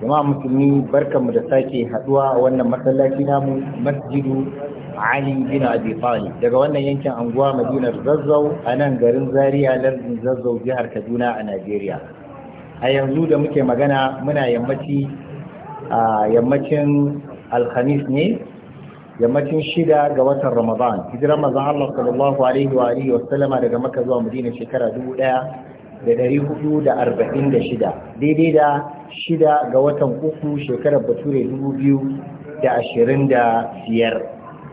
jama'a musulmi barkanmu da sake haduwa a wannan masallaci namu masjidu ali bin abi talib daga wannan yankin anguwa madinar zazzau a nan garin zaria lardin zazzau jihar kaduna a najeriya a yanzu da muke magana muna yammaci a yammacin alhamis ne yammacin shida ga watan ramadan hijirar mazan allah sallallahu alaihi wa alihi wa sallama daga maka zuwa madina shekara dubu daya da ɗari hudu da arba'in da shida daidai da shida ga watan uku shekarar bature dubu biyu da ashirin da biyar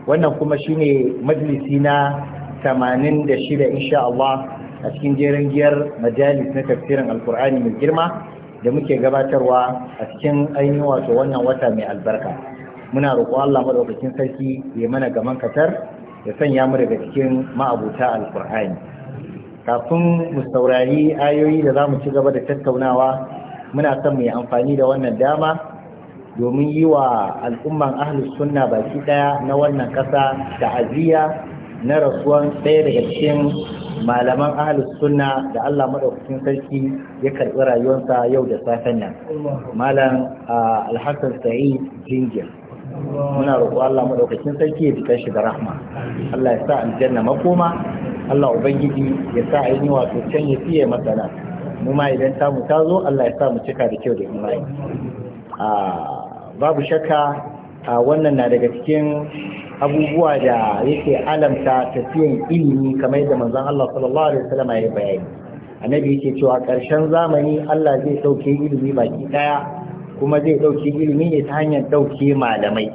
wannan kuma shine majalisi na tamanin da shida insha Allah a cikin jerin giyar majalis na tafsirin alkur'ani mai girma da muke gabatarwa a cikin ainihin wato wannan wata mai albarka muna roƙo Allah madaukakin sarki ya mana gaman katar ya sanya mu daga cikin ma'abuta alkur'ani kafin mu saurari ayoyi da za mu ci gaba da tattaunawa muna son mai amfani da wannan dama domin yi wa al'umman ahlus sunna baki daya na wannan ƙasa aziya na rasuwan ɗaya daga cikin malaman ahlus sunna da Allah madaukakin sarki ya karɓi rayuwarsa yau da safen nan malam alhassan sa'id jingir muna roƙo Allah madaukakin sarki ya fita shi da rahma Allah ya sa aljanna makoma Allah ubangiji ya sa a yi wato can ya fiye masana mu ma idan mu ta zo Allah ya sa mu cika da kyau da imani a babu shakka a wannan na daga cikin abubuwa da yake alamta tafiyan ilimi kamar da manzon Allah sallallahu alaihi wasallam ya bayani annabi yake cewa ƙarshen zamani Allah zai dauke ilimi baki daya kuma zai ɗauki ilimi ne ta hanyar ɗauke malamai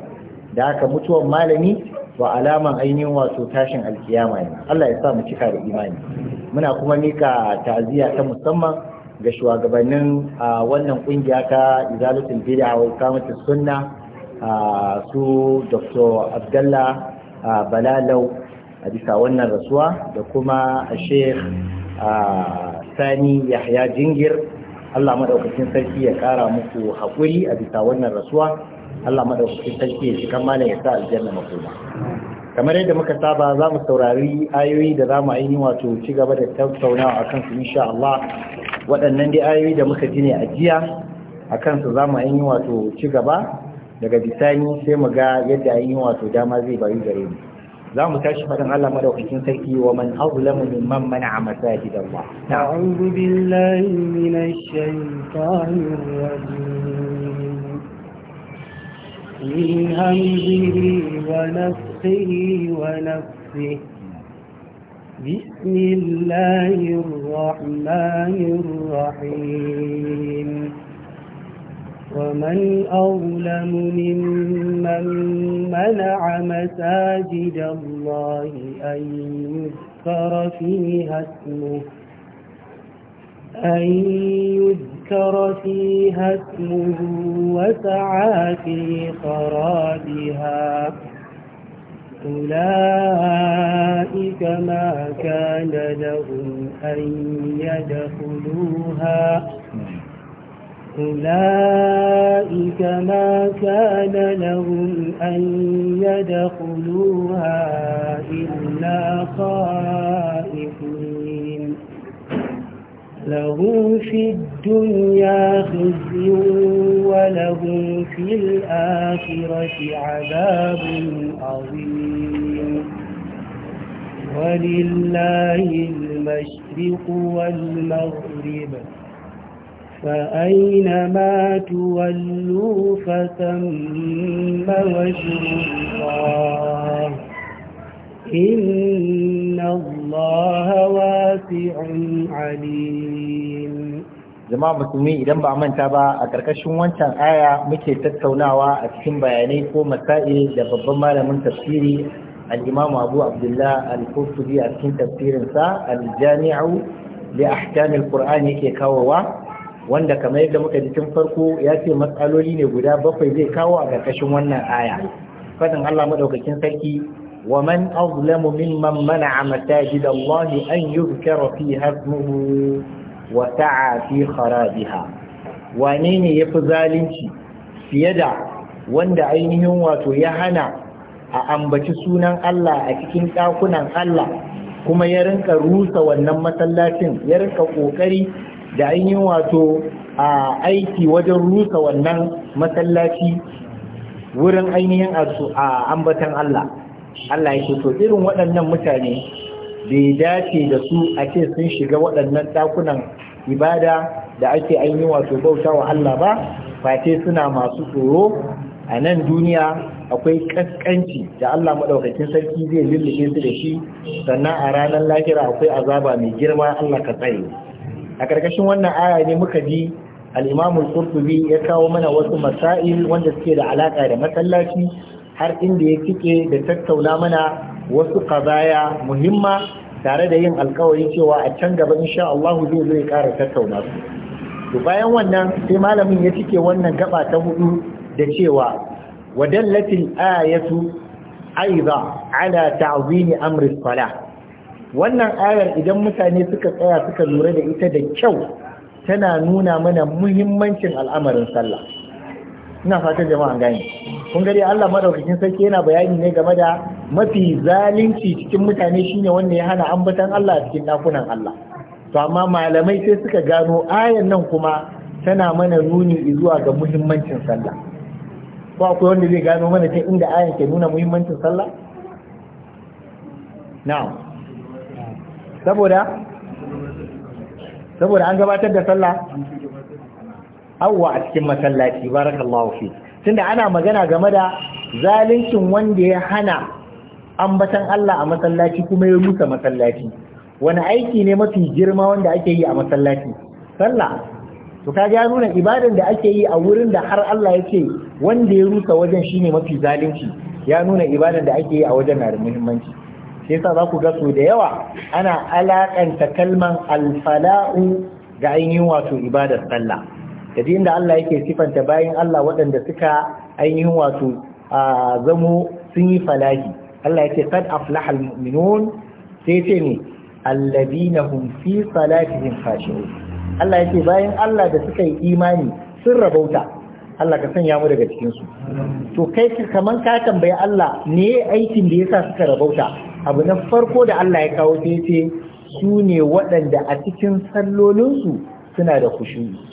da haka mutuwar malami wa alaman ainihin wato tashin alkiyama ne Allah ya sa mu cika da imani muna kuma mika ta'aziyya ta musamman ga shugabannin wannan kungiya ta izalatul bid'a wa iqamatus sunna su Dr. Abdullah Balalau a bisa wannan rasuwa da kuma Sheikh Sani Yahya Jingir Allah maɗaukacin sarki ya ƙara muku haƙuri a bisa wannan rasuwa Allah madaukakin sarki ya shiga mana ya sa aljanna makoma kamar yadda muka saba za mu saurari ayoyi da za mu ainihin wato ci gaba da tattaunawa a kansu insha Allah waɗannan dai ayoyi da muka ji ne a jiya a kansu za mu ainihin wato ci gaba daga bisani sai mu ga yadda ainihin wato dama zai bayu gare mu za mu tashi faɗin Allah madaukakin sarki wa man azlamu mimman mana'a masajid Allah na'udhu billahi minash shaitanir rajim من همزه ونفخه ونفخه بسم الله الرحمن الرحيم ومن أظلم ممن منع مساجد الله أن يذكر فيها اسمه أن يذكر فيها اسمه وسعى في خرابها أولئك ما كان لهم أن يدخلوها أولئك ما كان لهم أن يدخلوها إلا خائفون لهم في الدنيا خزي ولهم في الآخرة عذاب عظيم ولله المشرق والمغرب فأينما تولوا فثم وجه الله إن الله الله واسع عليم jama'a musulmi idan ba manta ba a ƙarƙashin wancan aya muke tattaunawa a cikin bayanai ko masail da babban malamin tafsiri al imam abu abdullah al-qurtubi a cikin Sa' al-jami'u li ahkam al-qur'an yake kawowa wanda kamar yadda muka ji tun farko ya ce matsaloli ne guda bakwai zai kawo a ƙarƙashin wannan aya fadin Allah madaukakin sarki ومن أظلم ممن منع مساجد الله أن يذكر فيها zalunci وسعى في خرابها وانين wato ya hana عينه ambaci sunan سونا a cikin كاكنا Allah? kuma ya rinka rusa wannan masallacin ya rinka kokari da ainihin wato a aiki wajen rusa wannan masallaci wurin ainihin a ambatan Allah Allah yake to irin waɗannan mutane bai dace da su a ce sun shiga waɗannan ɗakunan ibada da ake ainihin wato bauta wa Allah ba ce suna masu tsoro a nan duniya akwai ƙasƙanci da Allah maɗaukakin sarki zai lullube su da shi sannan a ranar lahira akwai azaba mai girma Allah ka tsaye a ƙarƙashin wannan aya ne muka ji al-Imam ya kawo mana wasu masail wanda suke da alaka da masallaci har inda ya cike da tattauna mana wasu kazaya muhimma tare da yin alkawari cewa a can gaba insha Allah zai zai ƙara tattauna su to bayan wannan sai malamin ya cike wannan gaba ta hudu da cewa wadallatil ayatu aiza ala ta'zim amri salah wannan ayar idan mutane suka tsaya suka lura da ita da kyau tana nuna mana muhimmancin al'amarin sallah ina fatan jama'a gani kun gari Allah madaukakin sarki yana bayani ne game da mafi zalunci cikin mutane shine wanda ya hana ambatan Allah a cikin dakunan Allah to amma malamai sai suka gano ayan nan kuma tana mana nuni zuwa ga muhimmancin sallah ko akwai wanda zai gano mana ta inda ayan ke nuna muhimmancin sallah na'am saboda saboda an gabatar da sallah awwa a cikin masallaci barakallahu fiik tunda ana magana game da zalincin wanda ya hana ambatan Allah a masallaci kuma ya rusa masallaci wani aiki ne mafi girma wanda ake yi a masallaci sallah to ka ga nuna ibadan da ake yi a wurin da har Allah yake wanda ya rusa wajen shine mafi zalunci ya nuna ibadan da ake yi a wajen na da muhimmanci sai yasa za ku ga so da yawa ana alakanta kalman alfala'u ga ainihin wato ibadar sallah da inda Allah yake sifanta bayan Allah waɗanda suka ainihin wato zamo sun yi falahi Allah yake kad aflahal mu'minun sai ce ne alladina hum fi salatihim khashi'un Allah yake bayan Allah da suka yi imani sun rabauta Allah ka sanya mu daga cikin su to kai kaman ka tambayi Allah ne aikin da yasa suka rabauta abu na farko da Allah ya kawo sai ce su ne waɗanda a cikin sallolinsu suna da khushu'i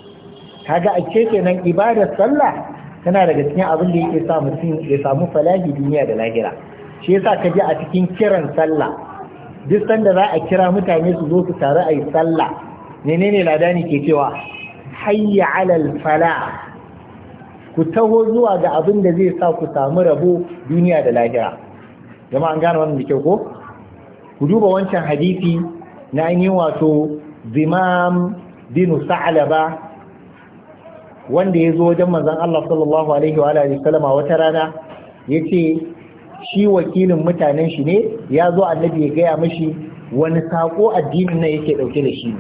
kaga a ce kenan ibadar sallah tana daga cikin abin da yake sa mutum ya samu falahi duniya da lahira shi yasa ka ji a cikin kiran sallah duk sanda za a kira mutane su zo su taru a yi sallah menene ladani ke cewa hayya alal fala ku taho zuwa ga abin da zai sa ku samu rabo duniya da lahira jama'a an gane wannan da kyau ko ku duba wancan hadisi na yi wato zimam dinu sa'alaba wanda ya zo wajen manzan Allah sallallahu alaihi wa alihi sallama wata rana ya ce shi wakilin mutanen shi ne ya zo annabi ya gaya mashi wani sako addinin nan yake dauke da shi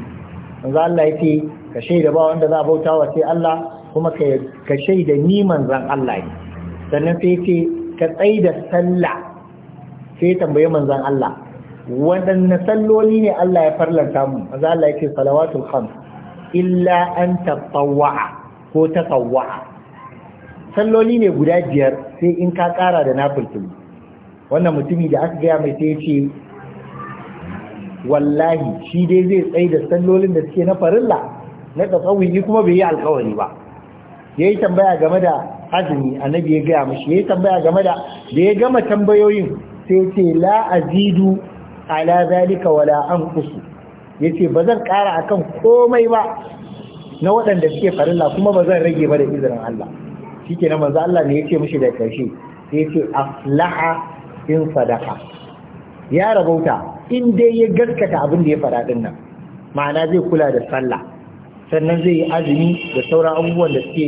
manzan Allah ce ka shaida ba wanda za a bautawa sai Allah kuma ka shaida ni manzan Allah ne sannan sai ce ka da sallah sai tambayi manzan Allah waɗanne salloli ne Allah ya farlanta mu maza Allah ce salawatul khams illa an tatawwa ko ta kauwa. salloli ne guda biyar sai in ka ƙara da nafulfuli wannan mutumi da aka gaya mai sai ce wallahi shi dai zai tsaye da sallolin da suke na farilla na ni kuma bai yi alkawari ba ya yi tambaya game da azumi annabi ya gaya mashi ya yi tambaya game da da ya gama tambayoyin sai ce la azidu ala zalika wala ya yace ba zan kara akan komai ba na waɗanda suke farilla kuma ba zan rage ba da izinin Allah shi ke nan manzo Allah ne ya ce mishi da ƙarshe sai ce aflaha in sadaka ya rabauta in dai ya gaskata abin da ya faɗa din nan ma'ana zai kula da sallah sannan zai yi azumi da sauran abubuwan da suke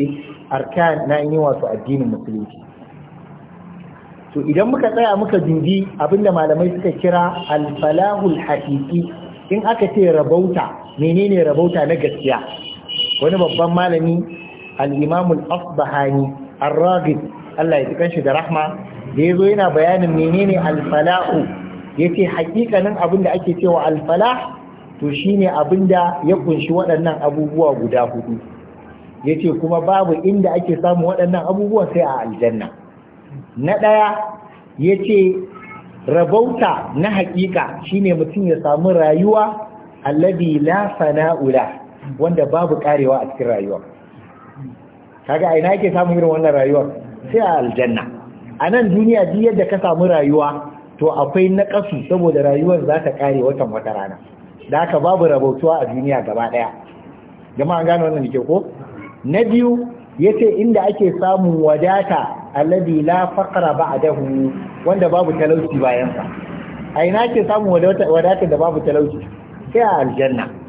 arkan na yi wato addinin musulunci to idan muka tsaya muka abin abinda malamai suka kira alfalahul haqiqi in aka ce rabauta menene rabauta na gaskiya wani babban malami al Afbahani al ar Allah ya tukan shi da rahma da yazo yana bayanin menene al-fala'u yace haƙiƙanin abin da ake cewa al-falah to shine abin da ya kunshi waɗannan abubuwa guda hudu yace kuma babu inda ake samun waɗannan abubuwa sai a aljanna na ɗaya yace rabauta na shi shine mutum ya samu rayuwa alladhi la fana'ula wanda babu karewa a cikin rayuwa kaga a ina yake samun irin wannan rayuwar sai a aljanna a nan duniya duk yadda ka samu rayuwa to akwai naƙasu saboda rayuwar za ta kare watan wata rana da haka babu rabautuwa a duniya gaba ɗaya an gane wannan ke ko na biyu ya ce inda ake samun wadata alladhi la faqra ba'dahu wanda babu talauci bayansa. a ina ake samun wadata da babu talauci sai a aljanna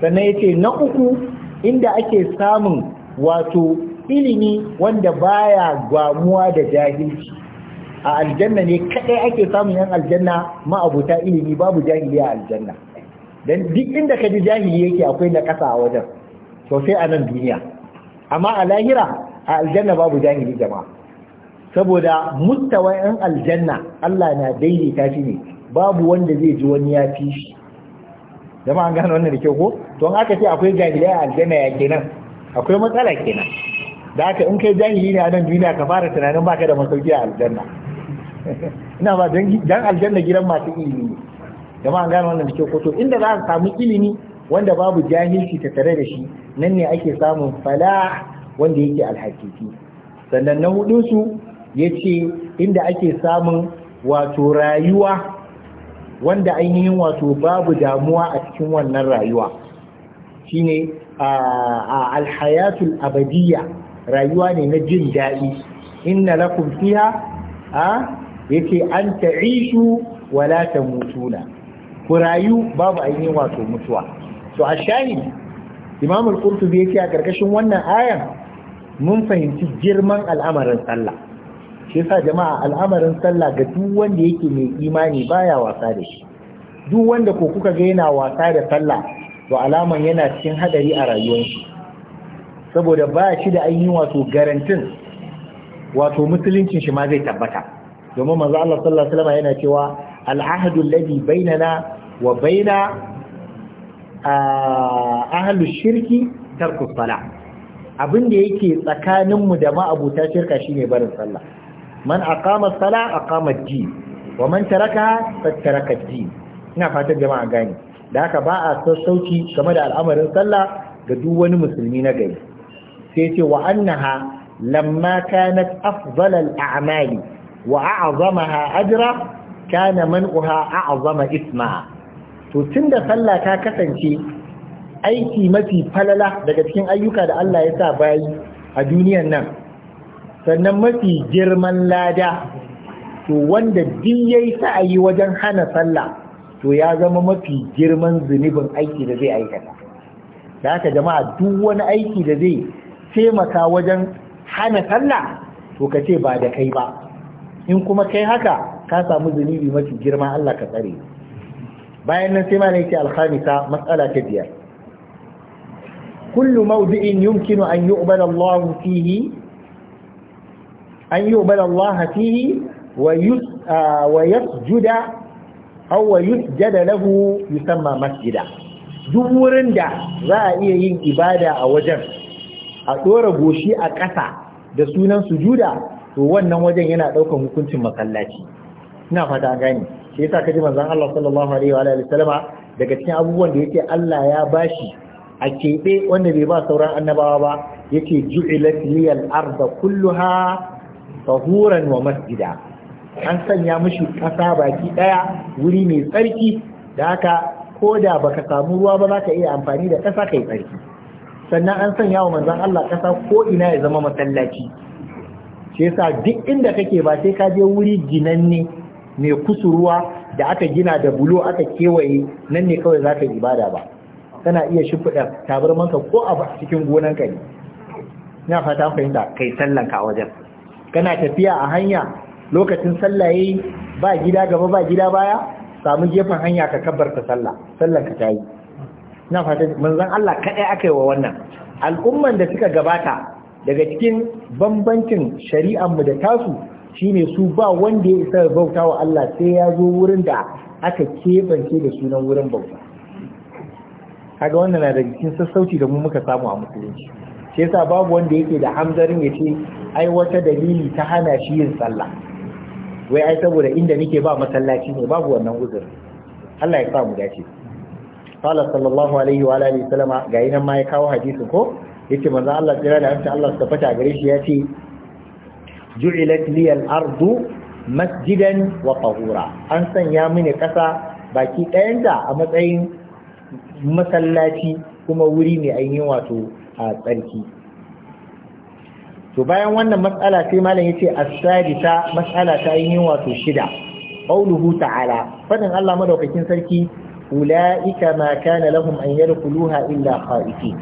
sannan ya ce na uku inda ake samun wato ilimi wanda baya gwamuwa da jahilci a aljanna ne kadai ake samun yan aljanna ma'abuta ilimi babu jahili a aljanna dan duk inda ka ji jahili yake akwai na kasa a wajen sosai a nan duniya amma a lahira a aljanna babu jahili jama'a saboda mustawa yan aljanna Allah na daidaita shi ne babu wanda zai ji wani ya fi shi jama'a an gane wannan da kyau ko to in aka ce akwai jahiliya a aljanna ya kenan akwai matsala kenan da haka in kai jahili ne a nan duniya ka fara tunanin baka da masauki a aljanna ina ba dan aljanna gidan masu ilimi jama'a an gane wannan da kyau ko to inda za a samu ilimi wanda babu jahilci ta tare da shi nan ne ake samun fala wanda yake alhakiki sannan na hudunsu ya ce inda ake samun wato rayuwa wanda ainihin wato babu damuwa a cikin wannan rayuwa shine a alhayatul abadiyya rayuwa ne na jin daɗi inna lakum fiha a yake an ta'ishu wala ta mutuna ku rayu babu ainihin wato mutuwa to a shahi imam al-qurtubi yake a karkashin wannan ayan mun fahimci girman al'amarin sallah shi yasa jama'a al'amarin sallah ga duk wanda yake mai imani baya wasa da shi duk wanda ko kuka ga yana wasa da sallah to alaman yana cikin hadari a rayuwar shi saboda ba shi da ainihin wato garantin wato musuluncin shi ma zai tabbata domin manzo Allah sallallahu alaihi wasallam yana cewa al'ahdu alladhi bainana wa baina ahlu shirki tarku salah abin da yake tsakaninmu da ma'abuta shirka shine barin sallah man aqama as-sala aqama ad wa man tarakaha fataraka ad ina fatan jama'a gane da haka ba a sassauci game da al'amarin sallah ga duk wani musulmi na gari sai ce wa annaha lamma kanat afdal al-a'mali wa a'zamaha ajra kana man'uha a'zama isma to tunda sallah ta kasance aiki mafi falala daga cikin ayyuka da Allah ya sa bayi a duniyan nan sannan mafi girman lada to wanda duk yayi sa'ayi wajen hana sallah to ya zama mafi girman zunubin aiki da zai aikata da haka jama'a duk wani aiki da zai taimaka wajen hana sallah to ka ce ba da kai ba in kuma kai haka ka samu zunubi mafi girma Allah ka tsare bayan nan sai ma ne alhamisa matsala ta biyar kullu mawdi'in yumkinu an yi Allah fihi an yi ubada Allah fihi uh, wa yasjuda aw wa yusjada lahu yusamma masjida duk wurin da za a iya yin ibada a wajen a ɗora goshi a ƙasa da sunan sujuda to wannan wajen yana ɗaukar hukuncin masallaci ina fata gani shi yasa kaji manzon Allah sallallahu daga cikin abubuwan da yake Allah ya bashi a keɓe wanda bai ba sauran annabawa ba yake ju'ilat liyal arda kulluha tahuran wa masjida an sanya mishi ƙasa baki ɗaya wuri mai tsarki da haka ko da baka samu ruwa ba za ka iya amfani da ƙasa kai tsarki sannan an sanya wa manzon Allah ƙasa ko ina ya zama masallaci shi yasa duk inda kake ba sai ka je wuri ginanne mai kusurwa da aka gina da bulo aka kewaye nan ne kawai za ka yi ibada ba kana iya shimfiɗa tabarmanka ko a cikin gonanka ne ina fata fahimta kai sallanka a wajen kana tafiya a hanya lokacin sallah ba gida gaba ba gida baya samu gefen hanya ka kabarta sallah sallar ka tayi ina fata manzon Allah kadai aka wa wannan al'umman da suka gabata daga cikin bambancin shari'ar mu da tasu shine su ba wanda ya isa bauta wa Allah sai ya zo wurin da aka kebance da sunan wurin bauta kaga wannan na da cikin sassauci da mu muka samu a musulunci shi yasa babu wanda yake da hamzarin ya ce ai wata dalili ta hana shi yin sallah wai ai saboda inda nake ba masallaci ne babu wannan uzur Allah ya sa mu dace Allah sallallahu alaihi wa alihi salama ga nan ma ya kawo hadisi ko yace manzo Allah tsira da hanta Allah suka fata gare shi yace ju'ilat li al-ardu masjidan wa tahura an sanya mini kasa baki ɗayanta a matsayin masallaci kuma wuri ne ainihin wato a tsarki to bayan wannan matsala sai malam yace as-sadisa matsala ta yi wato shida qauluhu ta'ala fadin Allah madaukakin sarki ulaika ma kana lahum an yadkhuluha illa khaifin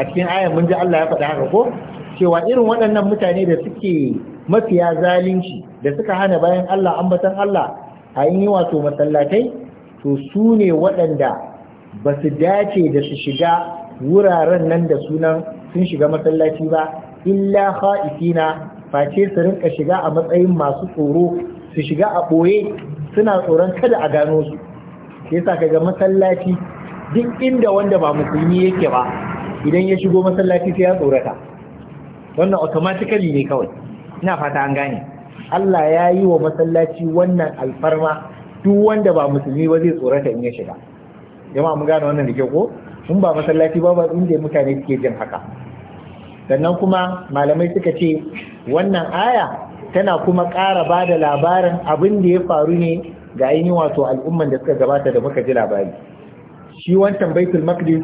a cikin ayar mun ji Allah ya faɗa haka ko cewa irin waɗannan mutane da suke mafiya zalunci da suka hana bayan Allah ambatan Allah a yi wato masallatai to su ne waɗanda ba su dace da su shiga wuraren nan da sunan sun shiga masallaci ba illa kha'ifina face su rinka shiga a matsayin masu tsoro su shiga a ɓoye suna tsoron kada a gano su yasa kaga masallaci duk inda wanda ba musulmi yake ba idan ya shigo masallaci sai ya tsorata wannan automatically ne kawai ina fata an gane Allah ya yi wa masallaci wannan alfarma duk wanda ba musulmi ba zai tsorata in ya shiga jama'a mun gane wannan da kyau ko in ba masallaci ba ba inda mutane suke jin haka sannan kuma malamai suka ce wannan aya tana kuma ƙara ba da labarin abin da ya faru ne ga ainihin wato al'umman da suka gabata da muka ji labari shi wancan baitul maqdis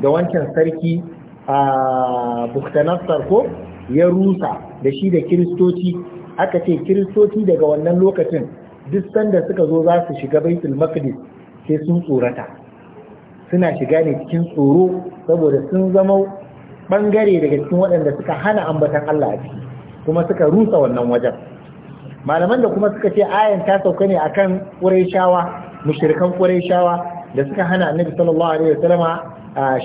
da wancan sarki a buktanassar ko ya rusa da shi da kiristoci aka ce kiristoci daga wannan lokacin duk sanda suka zo za su shiga baitul maqdis sai sun tsorata suna shiga ne cikin tsoro saboda sun zama ɓangare daga cikin waɗanda suka hana ambatan Allah a ciki kuma suka rusa wannan wajen malaman da kuma suka ce ayan ta sauka ne akan ƙuraishawa mushrikan ƙuraishawa da suka hana Annabi sallallahu alaihi wasallama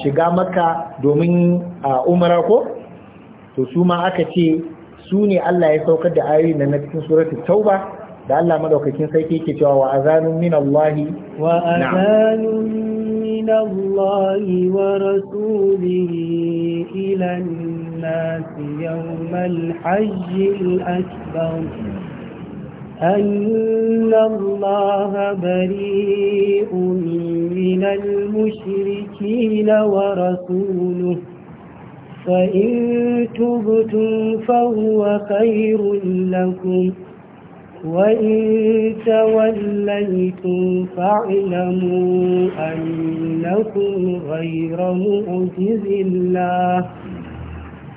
shiga Makka domin umra ko to su ma aka ce su ne Allah ya saukar da ayoyin nan na cikin suratul Tauba da Allah madaukakin sarki yake cewa wa azanun minallahi wa azanun الله ورسوله إلى الناس يوم الحج الأكبر أن الله بريء من المشركين ورسوله فإن تبتم فهو خير لكم وإن توليتم فاعلموا أنكم غير معجز الله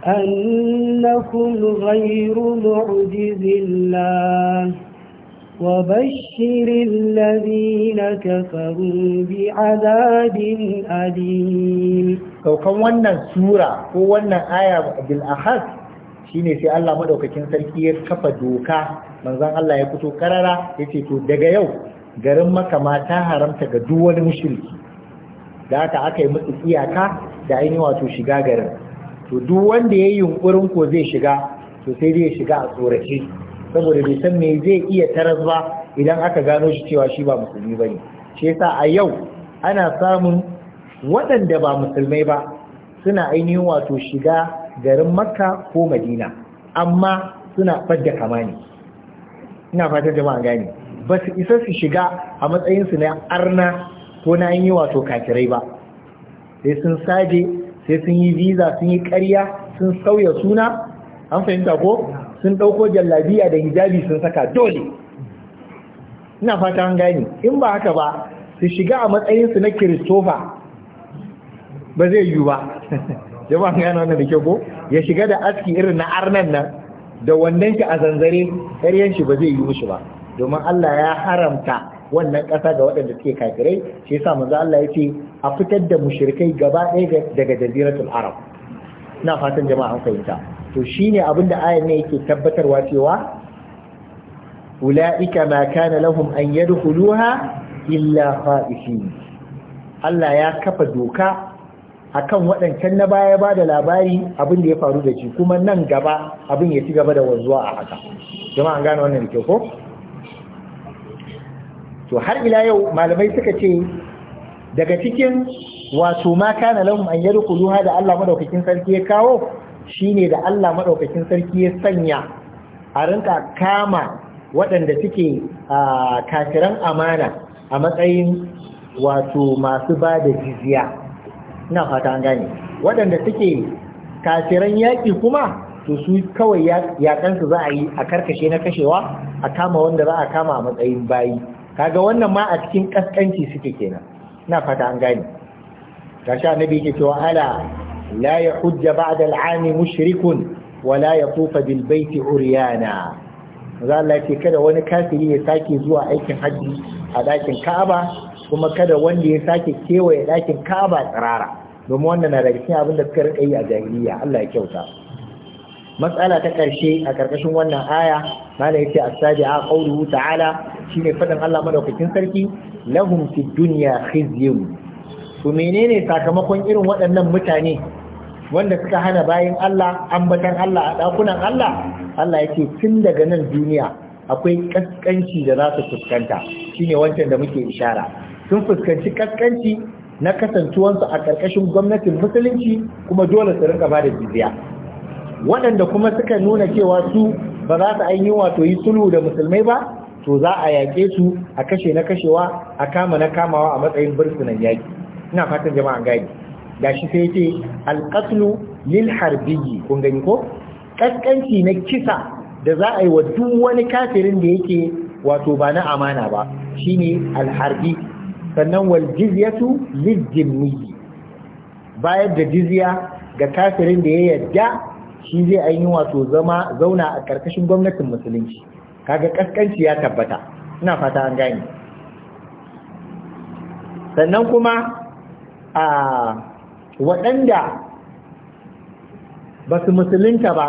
أنكم غير معجز الله وبشر الذين كفروا بعذاب أليم كوكب wannan sura ko wannan aya bil ahad shine sai Allah madaukakin sarki ya kafa doka manzon Allah ya fito karara ce to daga yau garin makama ta haramta ga duk wani mushriki da aka aka yi musu iyaka da ainihin wato shiga garin to duk wanda ya yi yunkurin ko zai shiga to sai zai shiga a tsorace saboda bai san me zai iya taras ba idan aka gano shi cewa shi ba musulmi bane shi yasa a yau ana samun waɗanda ba musulmai ba suna ainihin wato shiga garin makka ko madina amma suna fadda kamani. ina fatan jama'a gane ba su isa su shiga a matsayinsu na arna ko na yi wato kakirai ba sai sun saje sai sun yi visa sun yi karya sun sauya suna an fahimta ko sun ɗauko jallabiya da hijabi sun saka dole ina fata an gane in ba haka ba su shiga a matsayinsu na kiristofa ba zai yiwu ba jama'a gane wannan da ke ko ya shiga da aski irin na arnan nan da wannan shi a zanzare ƙaryan shi ba zai yi mushi ba domin Allah ya haramta wannan ƙasa ga waɗanda suke kafirai shi yasa manzo Allah ya ce a fitar da mushrikai gaba ɗaya daga jaziratul arab ina fatan jama'a an fahimta to shine abin da ayan ne yake tabbatarwa cewa ulaika ma kana lahum an yadkhuluha illa khaifin Allah ya kafa doka akan waɗancan na baya ba da labari abin da ya faru da shi kuma nan gaba abin ya ci gaba da wanzuwa a haka jama'an gane wannan da ko to har ila yau malamai suka ce daga cikin wato ma kana lahum an yadkhuluha da Allah Maɗaukakin sarki ya kawo shi ne da Allah madaukakin sarki ya sanya a rinka kama waɗanda suke kafiran amana a matsayin wato masu ba da jizya ina fata an gane waɗanda suke kasiran yaƙi kuma to su kawai yaƙansu za a yi a karkashe na kashewa a kama wanda za a kama a matsayin bayi kaga wannan ma a cikin ƙasƙanci suke kenan ina fata an gane gashi annabi yake cewa ala la hujja ba'da al'ami mushrikun wa la yatufa bil baiti uriyana za Allah ce kada wani kafiri ya sake zuwa aikin hajji a dakin Ka'aba kuma kada wanda ya sake kewaye ɗakin kaba tsirara domin wannan na daga cikin abin da suka rika yi a jahiliya Allah ya kyauta matsala ta ƙarshe a ƙarƙashin wannan aya mana yace a sabia qawluhu ta'ala shine faɗin Allah madaukakin sarki lahum fid dunya khizyun to menene sakamakon irin waɗannan mutane wanda suka hana bayan Allah ambatan Allah a ɗakunan Allah Allah yake tun daga nan duniya akwai kaskanci da za su fuskanta shine wancan da muke ishara sun fuskanci kaskanci na kasantuwansu a ƙarƙashin gwamnatin musulunci kuma dole su rinka bada jizya waɗanda kuma suka nuna cewa su ba za su ainihin wato yi sulhu da musulmai ba to za a yaƙe su a kashe na kashewa a kama na kamawa a matsayin bursunan yaƙi ina fatan jama'a gani shi sai ce alƙaslu lil harbiyyi kun gani ko kaskanci na kisa da za a yi wa duk wani kafirin da yake wato ba na amana ba shine alharbi sannan wal jizyatu lijimmi bayar da jizya ga kafirin da ya yarda shi zai ainihin wato zama zauna a karkashin gwamnatin musulunci kaga kaskanci ya tabbata ina fata an gane sannan kuma a waɗanda ba su musulunta ba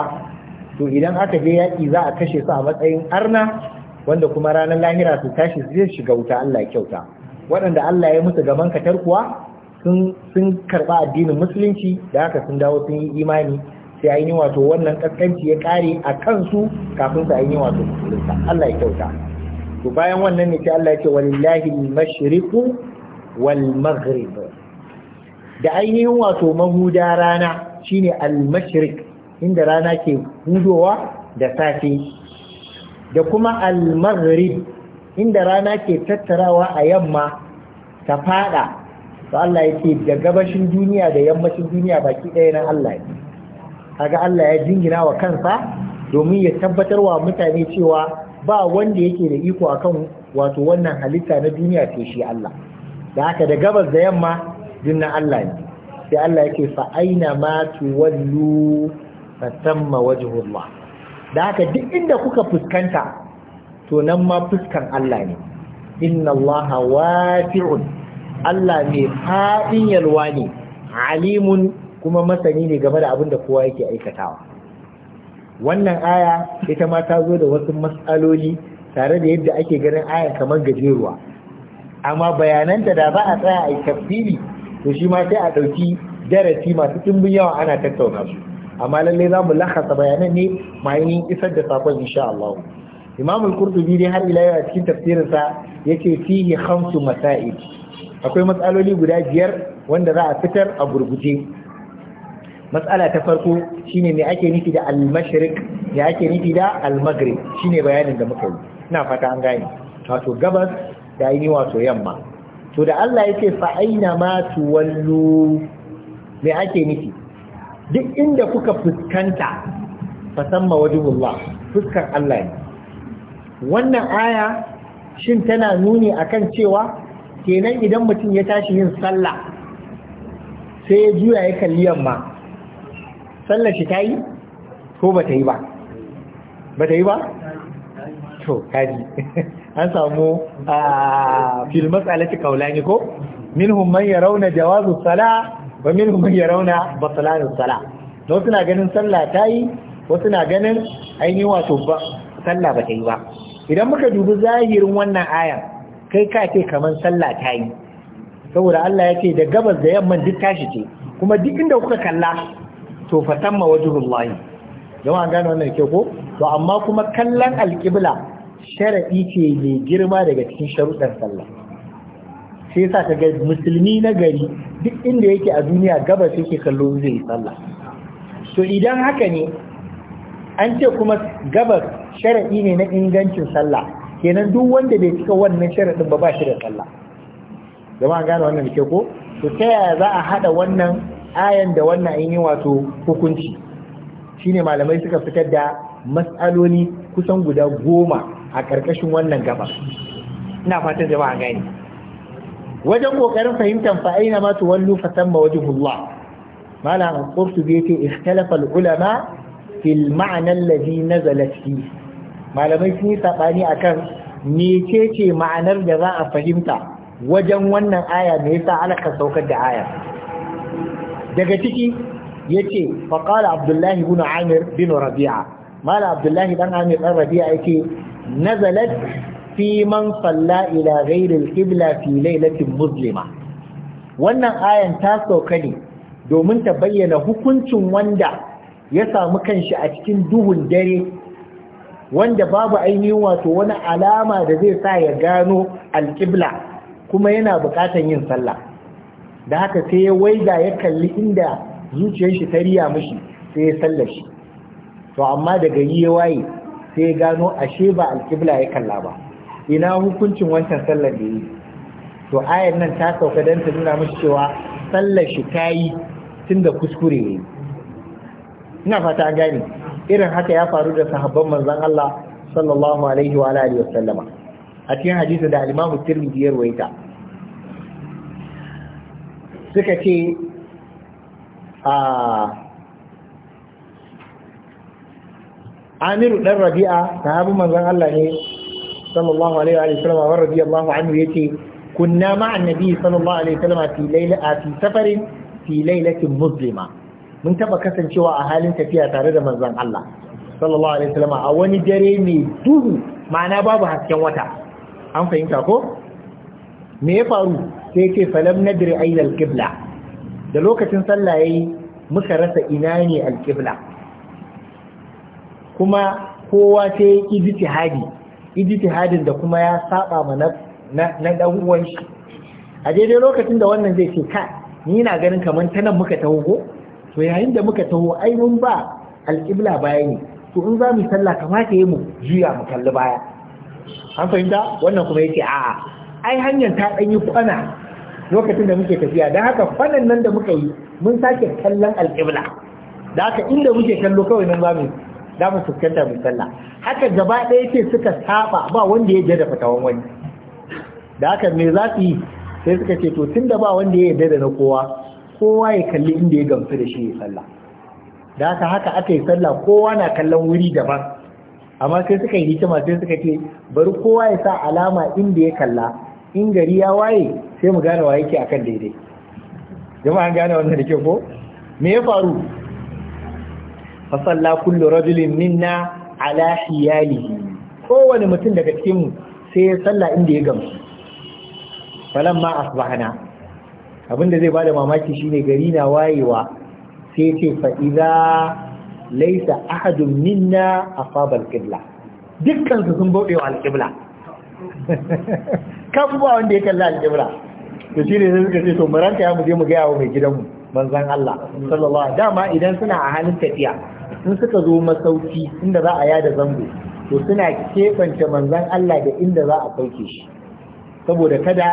to idan aka je yaƙi za a kashe su a matsayin arna wanda kuma ranar lahira su tashi su zai shiga wuta Allah kyauta waɗanda Allah ya musu gaban katar kuwa sun karɓa addinin musulunci da haka sun dawo sun yi imani sai ainihin wato wannan ƙasƙanci ya ƙare a kansu kafin su ainihin wato musulunta Allah ya kyauta to bayan wannan ne sai Allah ya ce walillahi wal maghrib da ainihin wato mahuda rana shine al-mashriq inda rana ke hudowa da safe da kuma al-maghrib inda rana ke tattarawa a yamma ta fada to Allah yake da gabashin duniya da yammacin duniya baki ɗaya na Allah ne kaga Allah ya jingina wa kansa domin ya tabbatar wa mutane cewa ba wanda yake da iko akan wato wannan halitta na duniya ce shi Allah da haka da gabas da yamma na Allah ne sai Allah yake fa aina ma tuwallu fatamma wajhullah da haka duk inda kuka fuskanta to nan ma fuskan Allah ne inna Allah wasi'un Allah mai fadin yalwa ne alimun kuma masani ne game da abin da kowa yake aikatawa wannan aya ita ma ta zo da wasu matsaloli tare da yadda ake ganin aya kamar gajeruwa amma bayananta da ba a tsaya a yi tafsiri to shi ma sai a ɗauki darasi masu ɗimbin yawa ana tattauna su amma lallai za mu lakasa bayanan ne ma'ayin isar da sakon insha Allah imam al-qurtubi dai har ila yau a cikin tafsirinsa yace fihi khamsu masail akwai matsaloli guda biyar wanda za a fitar a gurguje matsala ta farko shine me ake nufi da al-mashriq me ake nufi da al-maghrib shine bayanin da muka yi ina fata an gane wato gabas da yi wato yamma to da Allah yake fa aina ma tuwallu me ake nufi duk inda kuka fuskanta fasamma wajibullah fuskar Allah ne wannan aya shin tana nuni akan cewa kenan idan mutum ya tashi yin sallah sai ya juya ya kalli yamma sallar shi ta yi ko ba ta yi ba ba ta yi ba to kaji an samu a fil mas'alati kaulani ko minhum man yarawna jawazu salah wa minhum man yarawna batlan salah wasu suna ganin sallah ta yi wasu na ganin ainihin wato ba sallah ba ta yi ba idan muka dubi zahirin wannan a'yan, kai ka ce kamar sallah ta yi saboda Allah ya ce da gabas da yamma duk tashi ce kuma duk inda kuka kalla to tamma wajhullahi jama'a gane wannan ke ko to amma kuma kallon alqibla sharadi ce mai girma daga cikin sharuɗan sallah sai yasa ka ga musulmi na gari duk inda yake a duniya gabas yake kallo zai yi sallah to idan haka ne an ce kuma gabas sharaɗi ne na ingancin sallah kenan duk wanda bai cika wannan sharaɗin ba ba shi da sallah zama gane wannan ke ko to ta yaya za a haɗa wannan ayan da wannan ainihin wato hukunci shine malamai suka fitar da mas'aloli kusan guda goma a ƙarƙashin wannan gaba ina fatan jama'a gani wajen ƙoƙarin fahimtar fa aina ma tuwallu fa samma wajhullah malam qurtubi yace ikhtalafa ulama fil ma'anar ladhi nazalat fi malamai sun yi sabani akan mece ce ma'anar da za a fahimta wajen wannan aya me yasa alaka saukar da aya daga ciki yace ce qala abdullahi Guna amir bin rabi'a mala abdullahi dan amir dan rabi'a yake nazalat fi man salla ila ghairi al fi lailatin muslima wannan ayan ta sauka ne domin ta bayyana hukuncin wanda ya samu kanshi a cikin duhun dare wanda babu ainihin wato wani alama da zai sa ya gano alƙibla kuma yana buƙatan yin sallah da haka sai ya waiga ya kalli inda zuciyar shi ta riya mishi sai ya sallar shi to amma daga yi ya waye sai ya gano ashe ba alƙibla ya kalla ba ina hukuncin wancan sallar da yi to ayan nan ta sauka don ta nuna mishi cewa sallar shi ta yi tun da kuskure ya ina fata an gane irin haka ya faru da sahabban manzon Allah sallallahu alaihi wa alihi wa sallama a cikin hadisi da al-Imam Tirmidhi ya rawaita suka ce a ah, Amiru dan Rabi'a sahabin manzon Allah ne sallallahu alaihi wa alihi wa sallama wa radiyallahu anhu yace kunna ma'a annabi sallallahu alaihi wa sallama fi layla fi safarin fi laylatin muslima mun taba kasancewa a halin tafiya tare da manzon Allah sallallahu alaihi wasallam a wani dare mai duhu ma'ana babu hasken wata an fahimta ko me ya faru sai ce falam nadri ayyal qibla da lokacin sallah yayi muka rasa ina ne al-qibla kuma kowa sai ijtihadi ijtihadin da kuma ya saba ma na na dan uwan shi a daidai lokacin da wannan zai ce ka ni na ganin kamar ta nan muka taho ko to yayin da muka taho ai mun ba alƙibla baya ne to in za mu yi sallah kamata yi mu juya mu kalli baya an fahimta wannan kuma yake a'a ai hanyar ta ɗan yi kwana lokacin da muke tafiya don haka kwanan nan da muka yi mun sake kallon alƙibla da haka inda muke kallo kawai nan za mu da mu fuskanta mu sallah haka gaba ɗaya ce suka saba ba wanda ya je da fatawan wani da haka me za su yi sai suka ce to tunda ba wanda ya yarda da na kowa kowa ya kalli inda ya gamsu da shi ya sallah da haka haka aka yi sallah kowa na kallon wuri daban amma sai suka yi hikima sai suka ce bari kowa ya sa alama inda ya kalla in gari ya waye sai mu gane wa yake akan daidai jama'a an gane wannan da ke ko me ya faru fa salla kullu rajulin minna ala hiyalihi kowane mutum daga cikin sai ya salla inda ya gamsu falamma asbahana abin da zai bada mamaki shine gari na wayewa sai ce fa'iza laisa ahadun minna a fabar ƙibla dukkansu sun bauɗe wa alƙibla ba wanda ya kalla alƙibla da shi ne zai suka ce to maranta ya mu je mu ga wa mai gidanmu manzan Allah sallallahu alaihi dama idan suna a halin tafiya in suka zo masauki inda za a yada zango to suna kefance manzan Allah da inda za a sauke shi saboda kada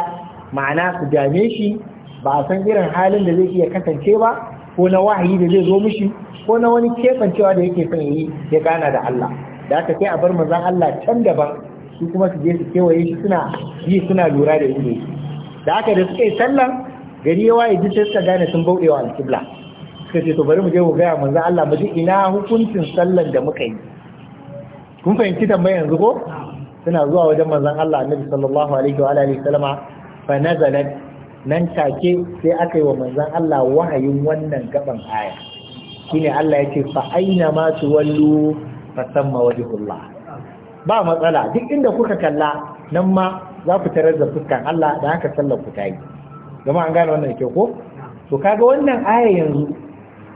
ma'ana su dame shi ba a san irin halin da zai iya kasance ba ko na wahayi da zai zo mishi ko na wani kefancewa da yake son yi ya gana da Allah da aka sai a bar manzon Allah can daban su kuma su je su kewaye shi suna yi suna lura da inda da aka da suka yi sallan gari ya waye duk suka gane sun bauɗewa alkibla suka ce to bari mu je mu gaya manzon Allah mu ji ina hukuncin sallan da muka yi kun fahimci tambayar yanzu ko suna zuwa wajen manzon Allah annabi sallallahu alaihi wa alihi wasallama fa nazalat nan take sai aka yi wa manzan Allah wahayin wannan gaban aya shine Allah ya ce fa aina ma su tuwallu fa samma wajhullah ba matsala duk inda kuka kalla nan ma za ku tarar da fuskan Allah da haka sallar ku tayi jama'a an gane wannan ke ko to kaga wannan aya yanzu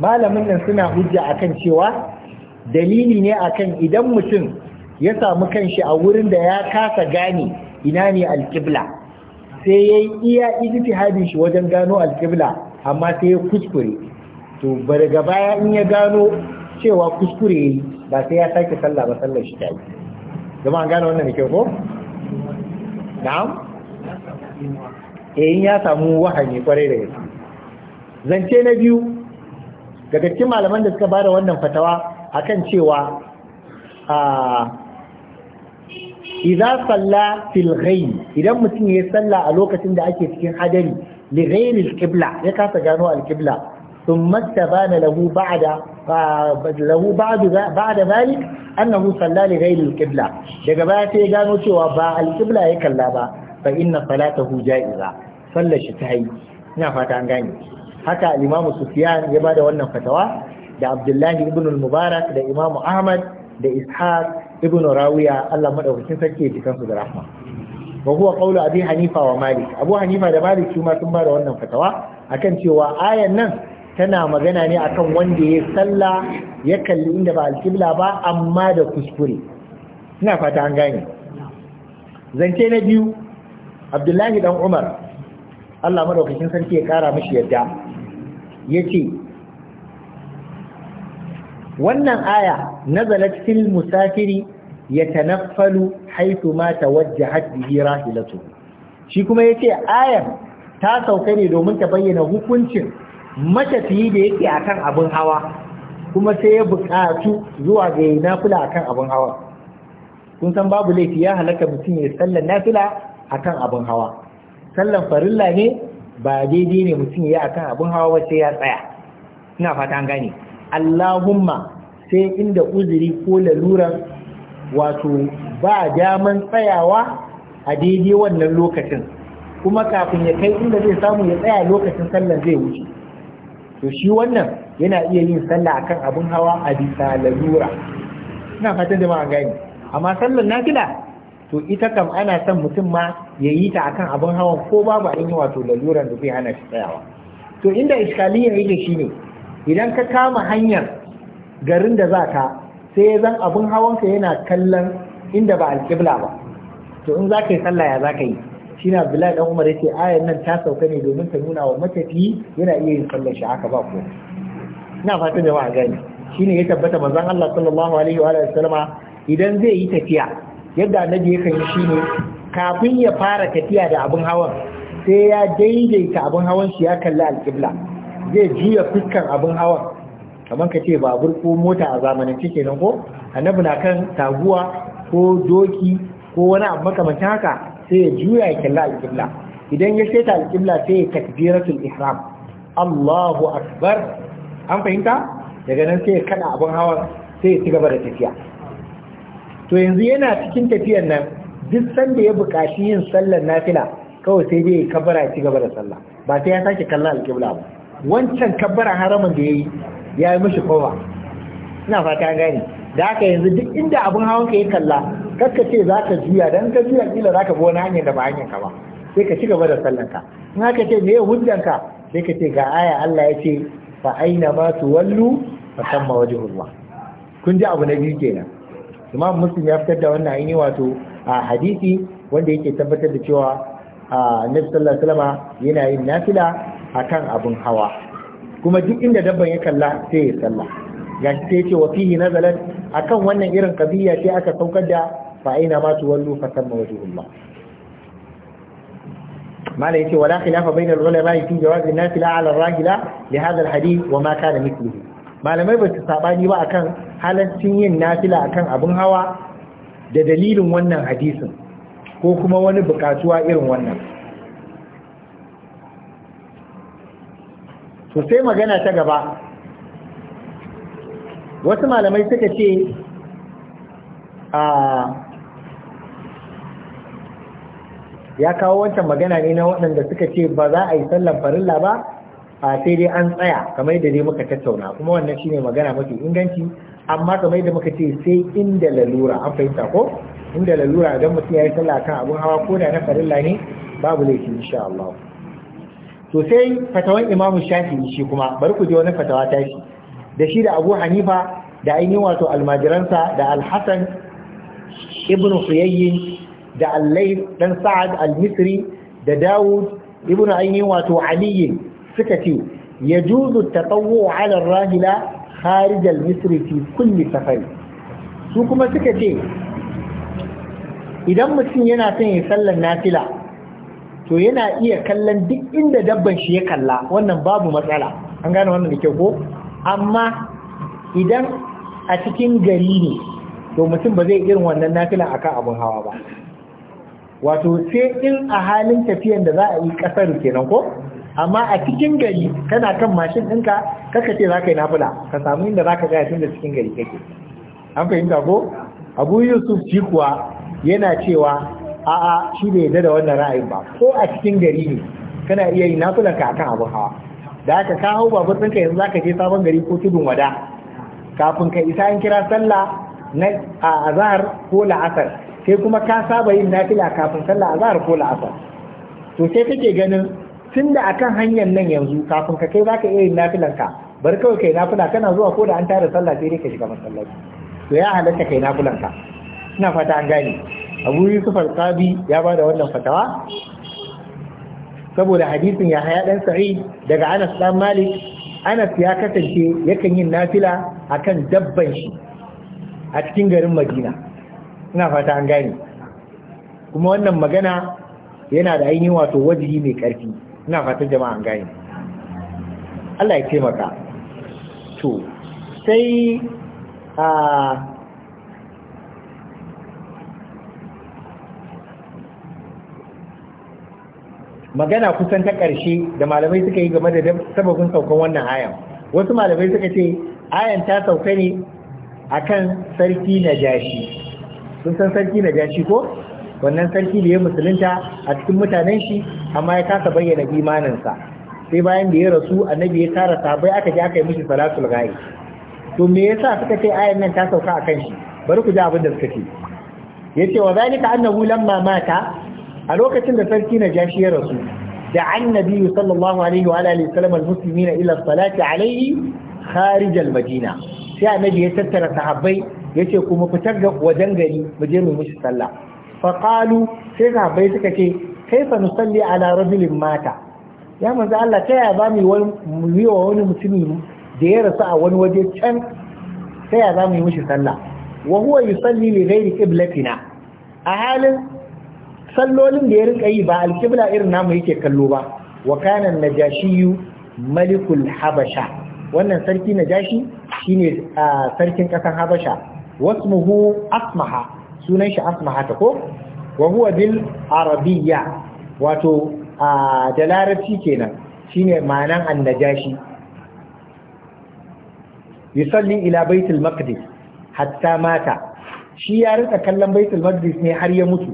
malamin nan suna hujja akan cewa dalili ne akan idan mutum ya samu kanshi a wurin da ya kasa gane ina ne alƙibla sai ya yi iya hadin shi wajen gano alƙibla amma sai ya kuskure to bari daga baya in ya gano cewa kuskure yi ba sai ya sake sallah ba sallar shi yi. zama an gano wannan da kyau ko na'am eh in ya samu wahani kwarai da gaske zance na biyu daga cikin malaman da suka bada wannan fatawa akan cewa a ah, idza salla fil idan mutum ya salla a lokacin da ake cikin hadari li al qibla ya kasa gano al qibla ثم استبان له بعد له بعد بعد ذلك انه صلى لغير القبلة daga baya sai gano cewa ba alqibla ya kalla ba fa inna salatahu jaiza sallar shi ta yi ina fata an gane haka al Sufyan ya bada wannan fatawa da Abdullahi ibn al-Mubarak da imamu Ahmad da Ishaq ibnu rawiya Allah madaukakin sarki ya kansu da rahma wa huwa qawlu abi hanifa wa malik abu hanifa da malik su ma sun ba da wannan fatawa akan cewa ayan nan tana magana ne akan wanda ya salla ya kalli inda ba alƙibla ba amma da kuskure ina fata an gane zance na biyu abdullahi dan umar Allah madaukakin sarki ya kara mishi yadda yace wannan aya nazalat fil musafiri yatanaffalu haythu ma tawajjahat bihi rahilatu shi kuma yace 'A'yan ta sauka ne domin ta bayyana hukuncin matafiyi da yake akan abin hawa kuma sai ya buƙatu zuwa ga nafila akan abin hawa kun san babu laifi ya halaka mutum ya sallan nafila akan abin hawa sallan farilla ne ba daidai ne mutum ya akan abin hawa ba sai ya tsaya ina fata an gane Allahumma sai inda uzuri ko laluran wato ba daman tsayawa a daidai wannan lokacin kuma kafin ya kai inda zai samu ya tsaya lokacin sallar zai wuce to shi wannan yana iya yin sallah akan abin hawa a bisa lalura ina fatan ma gani amma na nafila to ita kam ana son mutum ma ya yi ta akan abin hawa ko babu an yi wato laluran da zai ana shi tsayawa to inda iskaliya yake shine idan ka kama hanyar garin da za ka sai zan abin hawanka yana kallon inda ba alƙibla ba to in za ka yi sallah ya za ka yi shi na abdullahi dan umar ce ayan nan ta sauka ne domin ta nuna wa matafi yana iya yin sallar shi haka ba ko ina fata da wa gani shine ya tabbata manzon Allah sallallahu alaihi wa sallama idan zai yi tafiya yadda annabi yakan yi shine kafin ya fara tafiya da abin hawan sai ya daidaita abin hawan shi ya kalli alƙibla zai juya fuskan abin hawan kamar ka ce babur ko mota a zamanin cike nan ko annabi na kan taguwa ko doki ko wani abu makamancin haka sai ya juya ya kalla alƙibla idan ya saita alƙibla sai ya takbiratul ihram Allahu akbar an fahimta daga nan sai ya kada abin hawa sai ya ci gaba da tafiya to yanzu yana cikin tafiyar nan duk sanda ya buƙaci yin sallar nafila kawai sai dai ya kabbara ya ci gaba da sallah ba sai ya sake kallon alƙibla ba wancan kabbara haramun da ya yi ya yi mashi kowa ina fata gani da haka yanzu duk inda abin hawan ka ya kalla kakka ce za ka juya dan ka juya kila za ka bi wani hanyar da ba hanyar ka ba sai ka ci gaba da sallan ka in haka ce me hujjan ka sai ka ce ga aya Allah ya ce fa aina ma tuwallu fa samma wajhullah kun ji abu na biyu kenan imam muslim ya fitar da wannan ainihi wato a hadisi wanda yake tabbatar da cewa a nabi sallallahu alaihi yana yin nafila akan abin hawa kuma duk inda dabban ya kalla sai ya sallah gashi sai ce wa fihi nazalat akan wannan irin kabiya sai aka saukar da fa aina ma wallu fa tamma wajhullah mala yace wala khilafa bainal ulama fi jawaz an-nafila 'ala ar li hadha al-hadith wa ma kana mithlihi malamai ba su sabani ba akan halaccin yin nafila akan abun hawa da dalilin wannan hadisin ko kuma wani bukatuwa irin wannan to sai magana ta gaba wasu malamai suka ce a ya kawo wancan magana ne na waɗanda suka ce ba za a yi sallan farilla ba a sai dai an tsaya kamar da dai muka tattauna kuma wannan shine magana mafi inganci amma kamar da muka ce sai inda lalura an fahimta ko inda lalura don mutum ya yi sallah kan abin hawa ko da na farilla ne babu laifi insha Allah to sai fatawan imamu Shafi shi kuma bari ku je wani fatawa ta shi da shi da abu hanifa da ainihin wato almajiransa da alhassan ibn huyayyin da allai dan sa'ad al-misri da dawud ibn ainihin wato aliyin suka ce ya juzu tatawwu ala rahila kharij al-misri fi kulli safari su kuma suka ce idan mutum yana son ya sallar nafila to yana iya kallon duk inda dabban shi ya kalla wannan babu matsala an gane wannan da kyau ko amma idan a cikin gari ne to mutum ba zai irin wannan nafila akan abun hawa ba wato sai in a halin tafiyan da za a yi kasar kenan ko amma a cikin gari kana kan mashin ɗinka kaka ce za ka yi nafila ka samu inda za ka gaya tun da cikin gari kake an fahimta ko abu yusuf shi kuwa yana cewa a'a shi bai yarda da wannan ra'ayin ba ko a cikin gari ne kana iya yi nafilan ka akan abu hawa da aka ka hau babur ɗinka yanzu zaka je sabon gari ko tudun wada kafin ka isa an kira sallah na azhar ko la'asar sai kuma ka saba yin nafila kafin sallah azhar ko la'asar to sai kake ganin tunda akan hanyar nan yanzu kafin ka kai zaka iya yin nafilan ka bar kawai kai nafila kana zuwa ko da an tara sallah sai dai ka shiga masallaci to ya halatta kai nafilan ka ina fata an gane abu yusuf al kabi ya ba da wannan fatawa saboda hadisin ya haya dan sa'id daga anas Ɗan malik anas ya kasance yakan yin nafila akan dabban shi a cikin garin madina ina fata an gane kuma wannan magana yana da ainihin wato wajihi mai karfi ina fata jama'a an gane Allah ya taimaka to sai ah, magana kusan ta ƙarshe da malamai suka yi game da sababin saukan wannan ayan wasu malamai suka ce ayan ta sauka ne akan sarki na jashi sun san sarki na jashi ko wannan sarki da ya musulunta a cikin mutanen shi amma ya kasa bayyana imaninsa sai bayan da ya rasu annabi ya tara sabai aka ji aka yi mishi salatul ghaib to me yasa suka ce ayan nan ta sauka akan shi bari ku ji abin da suka ce yace wa zalika annahu lamma mata a lokacin da sarki na jashi ya rasu da annabi'u sallallahu alaihi wa alihi wasallam almuslimina ila salati alaihi kharij madina, sai annabi ya tattara sahabbai yace kuma fitar da wajen gari mu je mu mishi sallah fa qalu sai sahabbai suka ce kaifa nusalli ala rajulin mata ya manzo Allah ta ya ba mu yi wa wani mutumi da ya rasu a wani waje can ta ya za mu yi mishi sallah wa huwa yusalli li ghairi qiblatina a halin sallolin da ya rika yi ba alkibla irin namu yake kallo ba wa kana najashiyu malikul habasha wannan sarki najashi shine sarkin kasan habasha wasmuhu asmaha sunan shi asmaha ta ko wa huwa bil arabiyya wato da larabci kenan shine ma'anan annajashi yusalli ila baitul maqdis hatta mata shi ya rika kallon baitul maqdis ne har ya mutu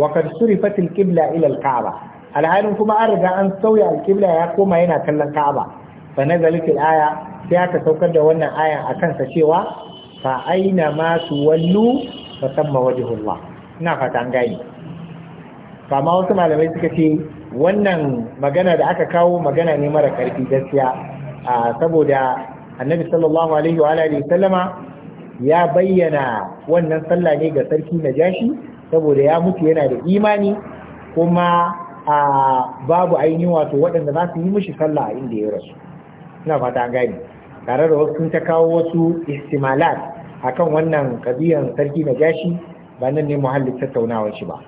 wa qad surifat al-qibla ila al-ka'ba alhalin kuma an riga an sauya al-qibla ya koma yana kallon ka'aba fa nazalat al-aya sai aka saukar da wannan ayan akan sa cewa fa aina ma tuwallu fa thamma wajhullah ina fata an gani kama wasu malamai suka ce wannan magana da aka kawo magana ne mara karfi gaskiya saboda annabi sallallahu alaihi wa alihi sallama ya bayyana wannan sallah ne ga sarki najashi saboda ya mutu yana da imani kuma a babu ainihin wato waɗanda za su yi mishi sallah a inda ya rasu ina fata an gani tare da wasu sun ta kawo wasu istimalat akan wannan kabiyan sarki na gashi ba nan ne muhallin tattaunawar shi ba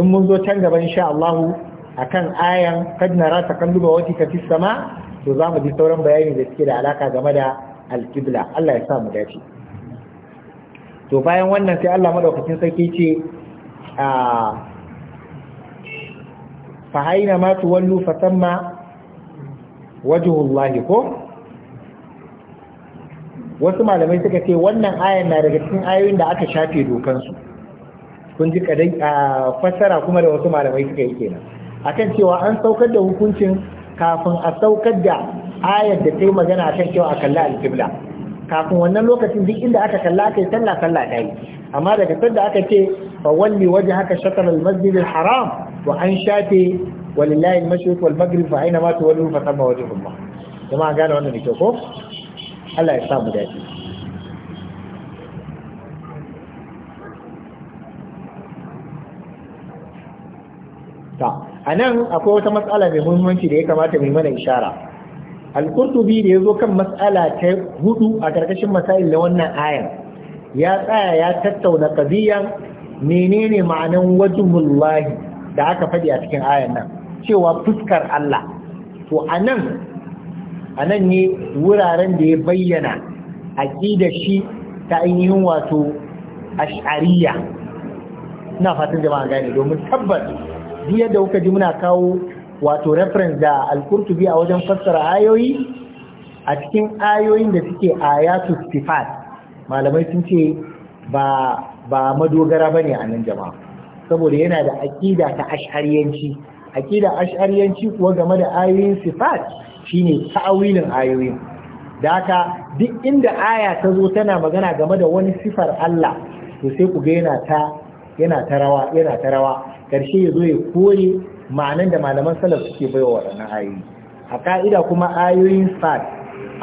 in mun zo can gaba insha Allah akan ayan kad nara takalluba wati ka fis sama to zamu ji sauran bayani da suke da alaka game da al-qibla Allah ya sa mu dace to bayan wannan sai Allah madaukakin sarki ce fa haina ma wallu fa tamma wajhullahi ko wasu malamai suka ce wannan ayan na daga cikin ayoyin da aka shafe dokansu kun ji kadai a fassara kuma da wasu malamai suka yi kenan akan cewa an saukar da hukuncin kafin a saukar da ayar da ta yi magana akan cewa a kalli alkibla kafin wannan lokacin duk inda aka kalla aka yi sallah sallah ta amma daga sanda aka ce fa walli waje haka shakar almasjid haram wa an shafe walillahi almashriq wal maghrib fa aina ma tuwallu fa thamma wajhullah jama'a gane wannan dake ko Allah ya samu dace ta anan akwai wata matsala mai muhimmanci da ya kamata mu yi mana ishara al-qurtubi da zo kan matsala ta hudu a karkashin masail na wannan ayan ya tsaya ya tattauna qadiyan menene ma'anan wajhullahi da aka faɗi a cikin ayan nan cewa fuskar Allah to anan anan ne wuraren da ya bayyana da shi ta ainihin wato ash'ariya ina fatan jama'a gane domin tabbas duk yadda kuka ji muna kawo wato reference da al-Qurtubi a wajen fassara ayoyi a cikin ayoyin da suke ayatu sifat malamai sun ce ba ba madogara bane a nan jama'a saboda yana da aqida ta ash'ariyanci aqida ash'ariyanci kuwa game da ayoyin sifat shine ta'awilin ayoyin da haka duk inda aya ta zo tana magana game da wani sifar Allah to sai ku ga yana ta yana ta rawa yana ta rawa karshe ya zo ya kore ma'anan da malaman salaf suke baiwa waɗannan ayoyi a ka'ida kuma ayoyin sad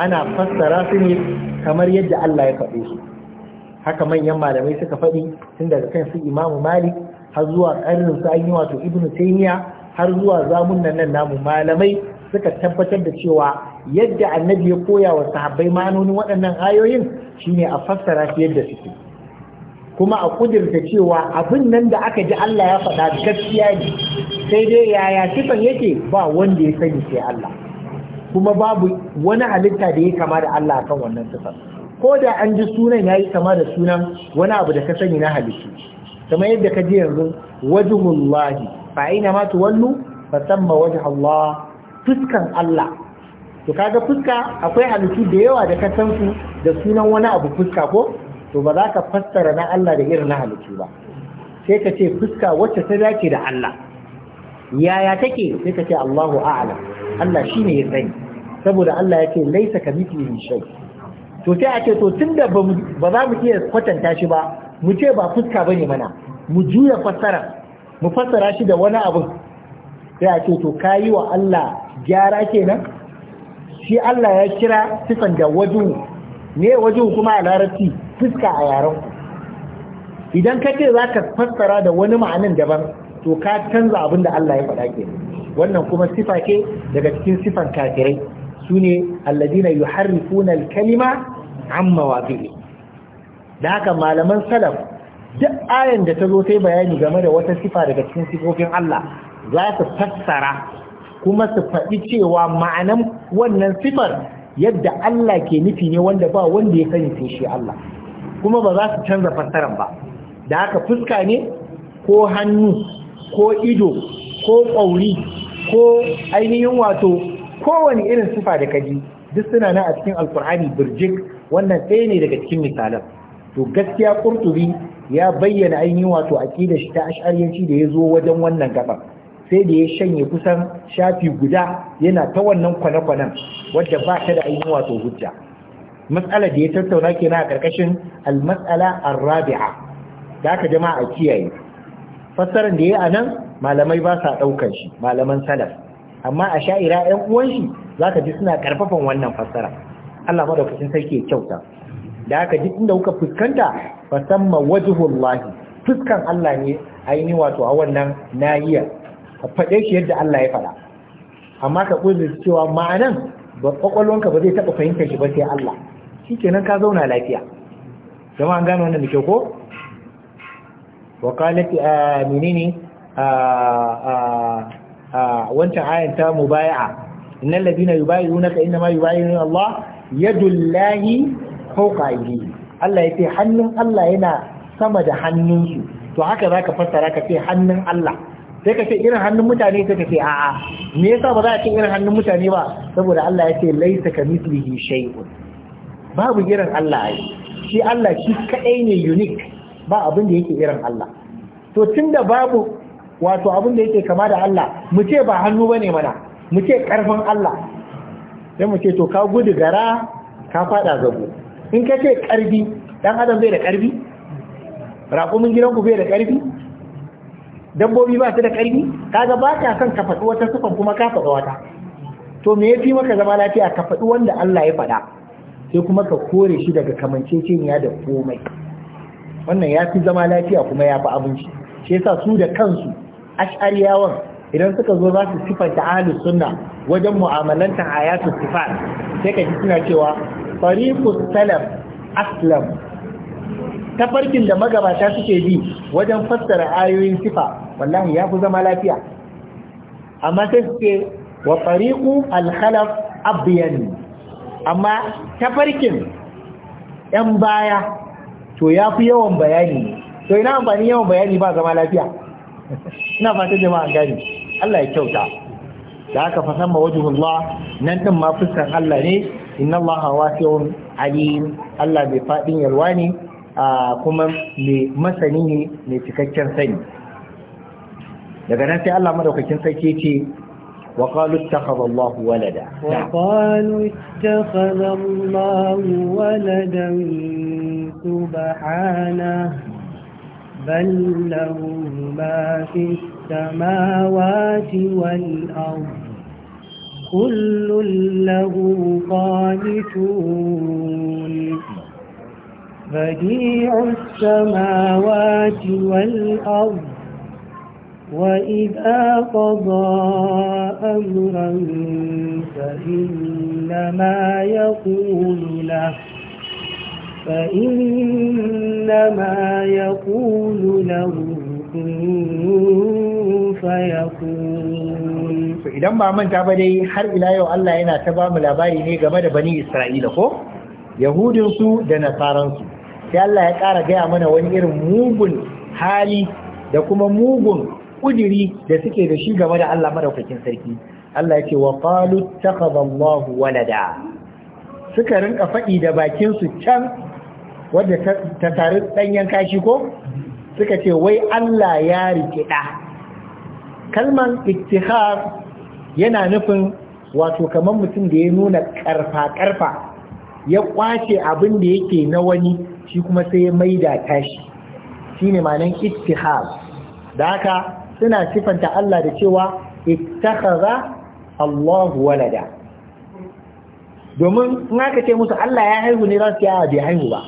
ana fassara su ne kamar yadda Allah ya faɗe su haka manyan malamai suka faɗi tun daga kan su imamu malik har zuwa ƙarnin su an yi wato ibn taymiya har zuwa zamun nan namu malamai suka tabbatar da cewa yadda annabi ya koya wa sahabbai ma'anonin waɗannan ayoyin shine a fassara su yadda suke kuma a kudirta cewa abin nan da aka ji Allah ya faɗa gaskiya ne sai dai yaya sifan yake ba wanda ya sani sai Allah kuma babu wani halitta da ya kama da Allah kan wannan sifan ko da an ji sunan yayi kama da sunan wani abu da ka sani na halittu kamar yadda ka ji yanzu wajhullahi fa aina ma tuwallu fa tamma wajhu Allah fuskan Allah to kaga fuska akwai halittu da yawa da ka san su da sunan wani abu fuska ko to ba za ka fassara na Allah da irin na halittu ba sai ka ce fuska wacce ta dace da Allah yaya take sai ka ce Allahu A'ala, Allah shine ya sani saboda Allah ya ce laisa ni shay to sai a ce to tunda ba za mu iya kwatanta shi ba mu ce ba fuska bane mana mu juya fassara mu fassara shi da wani abu sai a ce to kayi wa Allah gyara kenan shi Allah ya kira sifan da wajhu ne wajhu kuma a larabci fuska a yarenku, idan ka ce za ka fassara da wani ma'anin daban to ka canza abin da Allah ya faɗa ke wannan kuma sifa ke daga cikin sifan kafirai su ne alladina yuharrifuna al-kalima an mawaqi'i da haka malaman salaf duk ayan da ta zo ta bayani game da wata sifa daga cikin sifofin Allah za su fassara kuma su faɗi cewa ma'anan wannan sifar yadda Allah ke nufi ne wanda ba wanda ya sani shi Allah kuma ba za su canza fassaran ba da haka fuska ne ko hannu ko ido ko ƙauri ko ainihin wato kowane irin sufa da kaji duk suna nan a cikin alkur'ani birjik wannan ɗaya ne daga cikin misalan to gaskiya kurtubi ya bayyana ainihin wato aƙida shi ta ash'ariyanci da ya zo wajen wannan gaba sai da ya shanye kusan shafi guda yana ta wannan kwane-kwanen wadda ba ta da ainihin wato hujja matsalar da ya tattauna kenan a ƙarƙashin al matsala ar-rabi'a da aka jama'a a kiyaye fassarar da ya a nan malamai ba sa ɗaukar shi malaman salaf amma a sha'ira 'yan uwan shi za ka ji suna ƙarfafan wannan fassara Allah madaukakin sarki ya kyauta da aka ji inda kuka fuskanta fasamma wajhullahi fuskan Allah ne aini wato a wannan nahiya ka faɗe shi yadda Allah ya faɗa amma ka ƙudurci cewa ma'anan ba ƙwaƙwalwanka ba zai taɓa fahimtar shi ba sai Allah kenan ka zauna lafiya jama'a an gane wannan da ke ko wa qalat ah, menene ah, ah, wancan ayan ta mubaya'a innal ladina yubayyi'unaka inma yubayyi'un Allah yadullahi fawqa aydihim Allah ya ce hannun Allah yana sama da hannunsu to haka za ka fassara ka ce hannun Allah sai ka ce irin hannun mutane sai ka ce a'a me yasa ba za a ce irin hannun mutane ba saboda Allah ya ce laisa laysa kamithlihi shay'un babu irin Allah ai shi Allah shi kadai ne unique ba abin da yake irin Allah to tunda babu wato abin da yake kama da Allah mu ce ba hannu bane mana mu ce karfin Allah sai mu ce to ka gudu gara ka fada zago in ka ce karbi dan adam bai da karbi raƙumin gidanku bai da karbi dabbobi ba su da karbi kaga ba ka san ka faɗi wata sufan kuma ka faɗi wata to me yafi maka zama lafiya ka faɗi wanda Allah ya faɗa sai kuma ka kore shi daga kamanceceniya da komai wannan ya fi zama lafiya kuma ya fi abinci shi yasa su da kansu ash'ariyawan idan suka zo za su sifanta ahlus sunna wajen mu'amalantar ayatul sifat sai ka ji suna cewa fariqus salaf aslam tafarkin da magabata suke bi wajen fassara ayoyin sifa wallahi ya fi zama lafiya amma sai suke wa fariqu al-khalaf abyan amma tafarkin ‘yan baya to ya fi yawan bayani to ina amfani yawan bayani ba zama lafiya ina fata jama'a gani Allah ya kyauta da aka fasan ma wajhullah nan din ma fuskar Allah ne inna Allah wasi'un alim Allah bai fadin yalwa ne kuma mai masani ne mai cikakken sani daga nan sai Allah madaukakin sarki ce وقالوا اتخذ الله ولدا نعم. وقالوا اتخذ الله ولدا سبحانه بل له ما في السماوات والأرض كل له قانتون بديع السماوات والأرض وإذا قضى أمرا فإنما يقول له فإنما يقول له fayakun idan ba manta ba dai har ila yau Allah yana ta ba mu labari ne game da bani Isra'ila ko yahudinsu da nasaransu sai Allah ya ƙara gaya mana wani irin mugun hali da kuma mugun kudiri da suke da shi game da Allah madaukakin sarki Allah ya ce wa qalu takhadha walada suka rinka faɗi da bakin su can wanda ta tare danyen kashi ko suka ce wai Allah ya rike da kalman ittihar yana nufin wato kaman mutum da ya nuna karfa karfa ya kwace abin da yake na wani shi kuma sai ya maida tashi shine ma'anar ittihar da haka suna sifanta Allah da cewa ittakhadha Allah walada domin in aka ce musu Allah ya haihu ne za su yi ah, bai haihu ba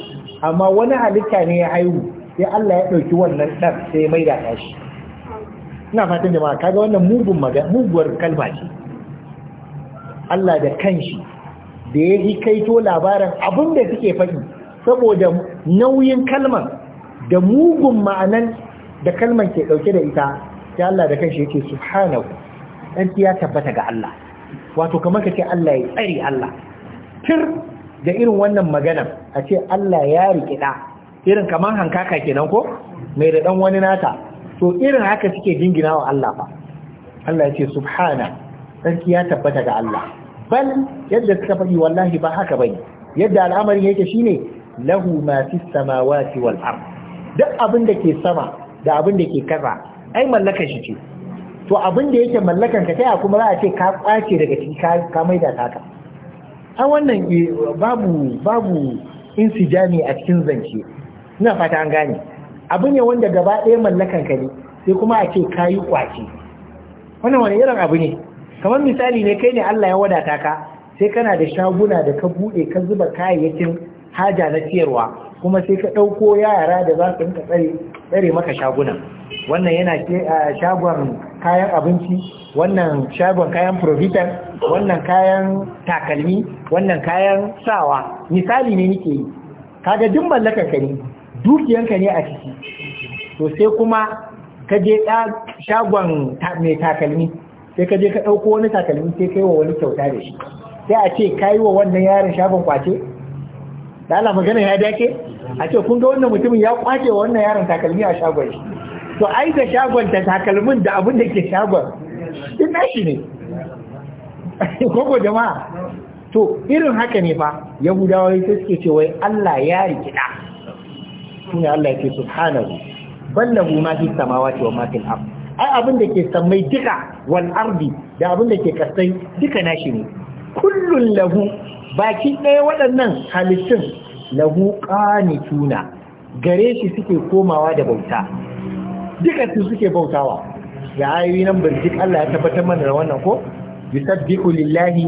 amma wani halitta ne ya haihu sai Allah ya ɗauki wannan ɗan sai mai da shi ina fatan jama'a kaga wannan mugun muguwar kalma ce Allah da kanshi da ya yi kaito labarin abin da suke faɗi saboda nauyin kalman da mugun ma'anan da kalman ke ɗauke da ita sai Allah da kanshi yake subhanahu dan ya tabbata ga Allah wato kamar kace Allah ya tsari Allah tir da irin wannan magana a ce Allah ya riki da irin kamar hankaka kenan ko mai da dan wani nata to irin haka suke jingina wa Allah fa Allah ya ce subhana sarki ya tabbata ga Allah bal yadda suka faɗi wallahi ba haka bane yadda al'amarin yake shine lahu ma fis samawati wal ard duk abin da ke sama da abin da ke kasa ai mallakar shi ce to abin da yake mallakan ka taya kuma za a ce ka kwace daga ciki ka maida taka a wannan eh, babu babu insijani a cikin zance ina fata an gane abin ya wanda gaba ɗaya mallakar ka ne sai kuma a ce ka yi kwace wannan wani irin abu ne kamar misali ne kai ne Allah ya wadata ka sai kana da shaguna da ka buɗe ka zuba kayayyakin haja na siyarwa kuma sai ka ɗauko yara da za su rinka tsare maka shaguna wannan yana shagon kayan abinci wannan shagon kayan provitar wannan kayan takalmi wannan kayan sawa misali ne nike yi kaga duk mallakar ka ne dukiyanka ne a ciki to sai kuma ka je ɗa shagon mai takalmi sai ka je ka ɗauko wani takalmi sai ka yi wa wani kyauta da shi sai a ce ka yi wa wannan yaron shagon kwace da Allah magana ya dace a ce kun ga wannan mutumin ya kwace wa wannan yaron takalmi a shagon shi to ai da shagon ta takalmin da abin da ke shagon din nashi ne koko jama'a to irin haka ne fa yahudawa sai suke ce wai Allah ya rikida shine Allah yake subhanahu ballahu ma fi samawati wa ma fil ard ai abin da ke sammai duka wal ardi da abin da ke kasai duka nashi ne kullun lahu baki ɗaya waɗannan halittun lahu qanituna gare shi suke komawa da bauta duka su suke bautawa ga ayoyi nan birjik Allah ya tabbatar mana da wannan ko yusabbihu lillahi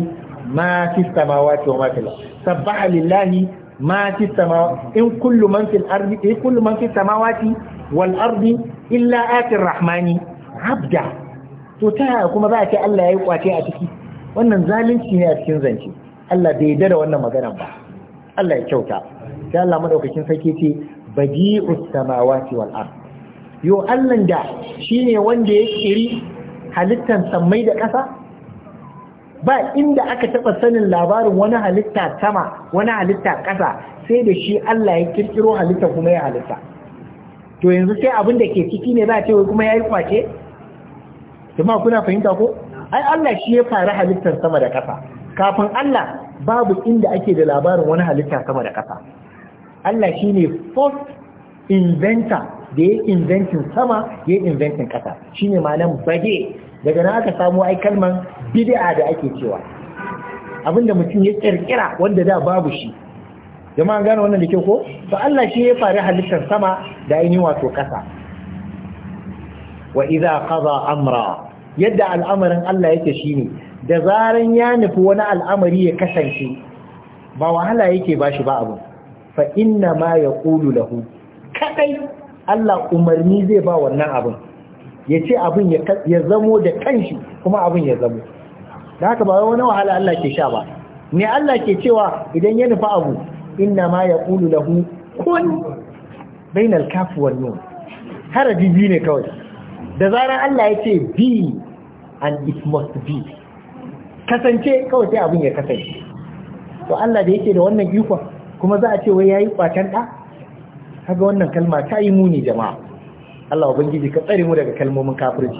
ma fi samawati wa ma fil sabbaha lillahi ma fi samawati in kullu man fil ardi in kullu man fi samawati wal ardi illa atir rahmani abda to ta kuma ba a ce Allah ya yi kwace a ciki wannan zalunci ne a cikin zance Allah bai da wannan magana ba Allah ya kyauta sai Allah madaukakin sarki ce badi'us samawati wal ard yo Allah da shine wanda ya kiri halittan samai da ƙasa ba inda aka taɓa sanin labarin wani halitta sama wani halitta ƙasa sai da shi Allah ya kirkiro halitta kuma ya halitta to yanzu sai abin da ke ciki ne za a ce kuma ya yi kwace kuma kuna fahimta ko ai Allah shi ya fara halittar sama da ƙasa kafin Allah babu inda ake da labarin wani halitta sama da ƙasa Allah shi ne first inventor da ya inventin sama ya inventin ƙasa shi ne malam bage daga na aka samu ai kalman bid'a da ake cewa abinda mutum ya kirkira wanda da babu shi jama'an gane wannan da kyau ko to Allah shi ya fara halittar sama da ainihin wato ƙasa wa idza qada amra yadda al'amarin Allah yake shine da zaran ya nufi wani al'amari ya kasance ba wahala yake ba shi ba abu fa inna ma ya ƙulu lahu kaɗai Allah umarni zai ba wannan abin ya ce abin ya zamo da kanshi kuma abin ya zamo da haka ba wani wahala Allah ke sha ba ne Allah ke cewa idan ya nufi abu inna ma ya ƙulu lahu kun bainal kafu wan nun biyu ne kawai da zaran Allah ya ce bi and it must be kasance kawai sai abin ya kasance to Allah da yake da wannan ikon kuma za a ce wai yayi kwatan da kaga wannan kalma ta yi muni jama'a Allah ubangiji ka tsare mu daga kalmomin kafirci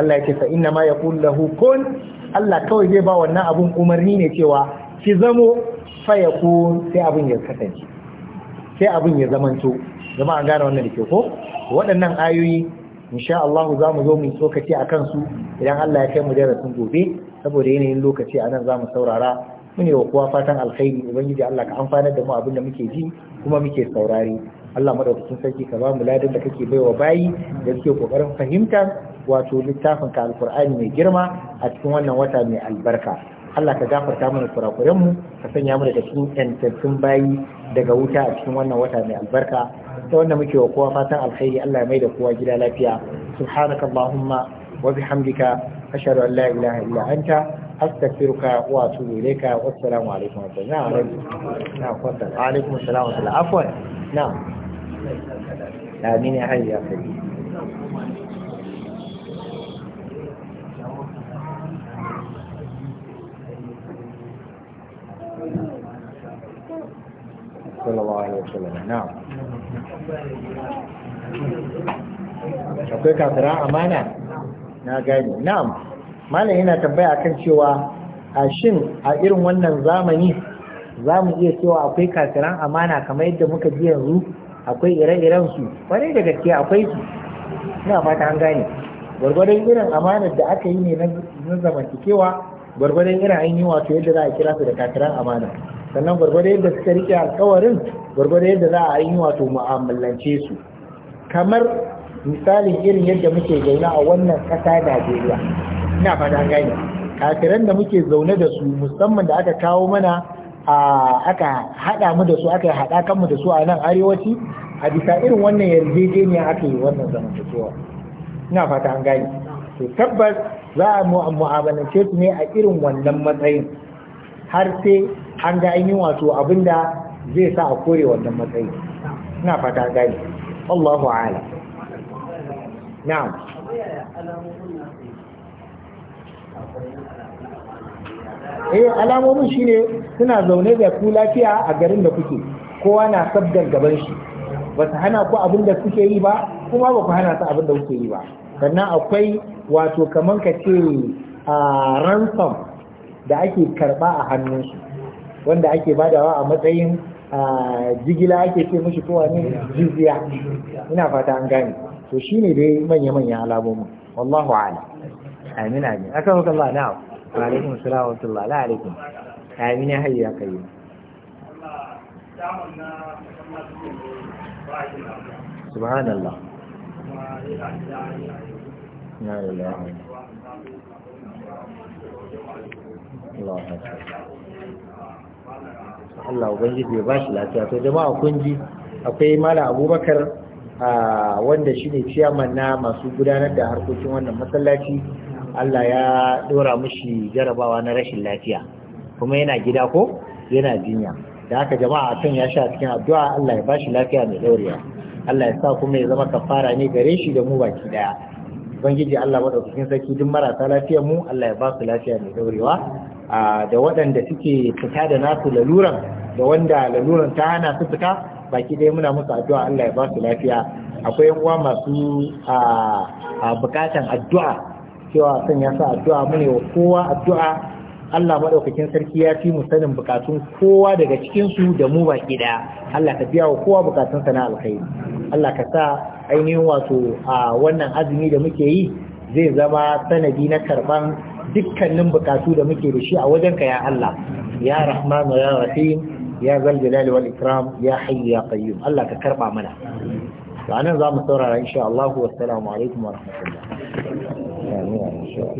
Allah ya ce fa inna ma yaqul lahu kun Allah kawai zai ba wannan abun umarni ne cewa ki zamo fa yakun sai abin ya kasance sai abin ya zamanto jama'a gane wannan da ko waɗannan ayoyi insha Allah za mu zo mu tsokaci akan su idan Allah ya kai mu darasin gobe saboda yanayin lokaci a nan za mu saurara mu ne wa kowa fatan alkhairi ubangiji Allah ka amfanar da mu abin da muke ji kuma muke saurare Allah madaukakin sarki ka ba mu ladan da kake baiwa bayi da suke kokarin fahimta wato littafin ka alkur'ani mai girma a cikin wannan wata mai albarka Allah ka gafarta mana kurakuren mu ka sanya mu daga cikin yantattun bayi daga wuta a cikin wannan wata mai albarka ta wanda muke wa kowa fatan alkhairi Allah ya mai da kowa gida lafiya subhanakallahumma wa bihamdika أشهد أن لا إله إلا أنت أستغفرك وأتوب إليك والسلام عليكم ورحمة الله وبركاته نعم, نعم، تفضل عليكم السلام ورحمة الله عفوا نعم آمين يا حي يا قيوم صلى الله عليه وسلم نعم شكرا كثيرا امانه na gane na'am malam yana tambaya akan cewa a shin a irin wannan zamani za mu iya cewa akwai kafiran amana kamar yadda muka ji yanzu akwai ire-iren su kwarai da gaske akwai su ina fata an gane gwargwadon irin amanar da aka yi ne na zamantakewa gwargwadon irin an yi wato yadda za a kira su da kafiran amana sannan gwargwadon yadda suka rike alkawarin gwargwadon yadda za a yi wato mu'amalance su kamar misalin irin yadda muke zaune a wannan ƙasa da Najeriya ina fata gani kafiran da muke zaune da su musamman da aka kawo mana aka haɗa mu da su aka haɗa kanmu da su a nan arewaci a bisa irin wannan yarjejeniya aka yi wannan zamantakewa ina fata an gani to tabbas za a mu'amalance su ne a irin wannan matsayin har sai an ga ainihin wato abinda zai sa a kore wannan matsayin ina fata an gani Allahu a'ala na'am eh alamomin shine suna zaune da ku lafiya a garin da kuke kowa na sabgar gaban shi ba su hana ku abin da kuke yi ba kuma ba ku hana su abin da kuke yi ba sannan akwai wato kamar ka ce a ransom da ake karba a hannunsu wanda ake badawa a matsayin jigila ake ce mushi kowa ne jizya ina fata an gane to shi ne dai manya-manyan alamomin wallahu ala amin amin Aka hukun Allah na'am wa alaikum salam wa rahmatullah la alaikum amin ya hayya kai subhanallah na lillahi Allah ubangiji ya bashi lafiya to jama'a kun ji akwai mala Abubakar wanda shine ciyaman na masu gudanar da harkokin wannan masallaci Allah ya dora mushi jarabawa na rashin lafiya kuma yana gida ko yana jinya da haka jama'a a kan ya sha cikin addu'a Allah ya bashi lafiya mai daurewa Allah ya sa kuma ya zama kafara ne gare shi da mu baki daya ubangiji Allah madaukakin sarki duk marasa lafiyar mu Allah ya ba su lafiya mai daurewa da waɗanda suke fita da nasu laluran da wanda laluran ta hana su fita baki ɗaya muna musu addu'a Allah ya ba su lafiya akwai yan uwa masu a bukatan addu'a cewa sun ya sa addu'a mu wa kowa addu'a Allah maɗaukakin sarki ya fi mu sanin bukatun kowa daga cikin su da mu baki ɗaya Allah ka biya wa kowa sa na alkhairi Allah ka sa ainihin wato a wannan azumi da muke yi zai zama sanadi na karban dukkanin bukatu da muke da shi a wajenka ya Allah ya rahmanu ya rahim ya zal jalali wal ikram ya hayyu ya qayyum Allah ka karba mana to anan za mu saurara insha Allah wa assalamu alaikum wa rahmatullah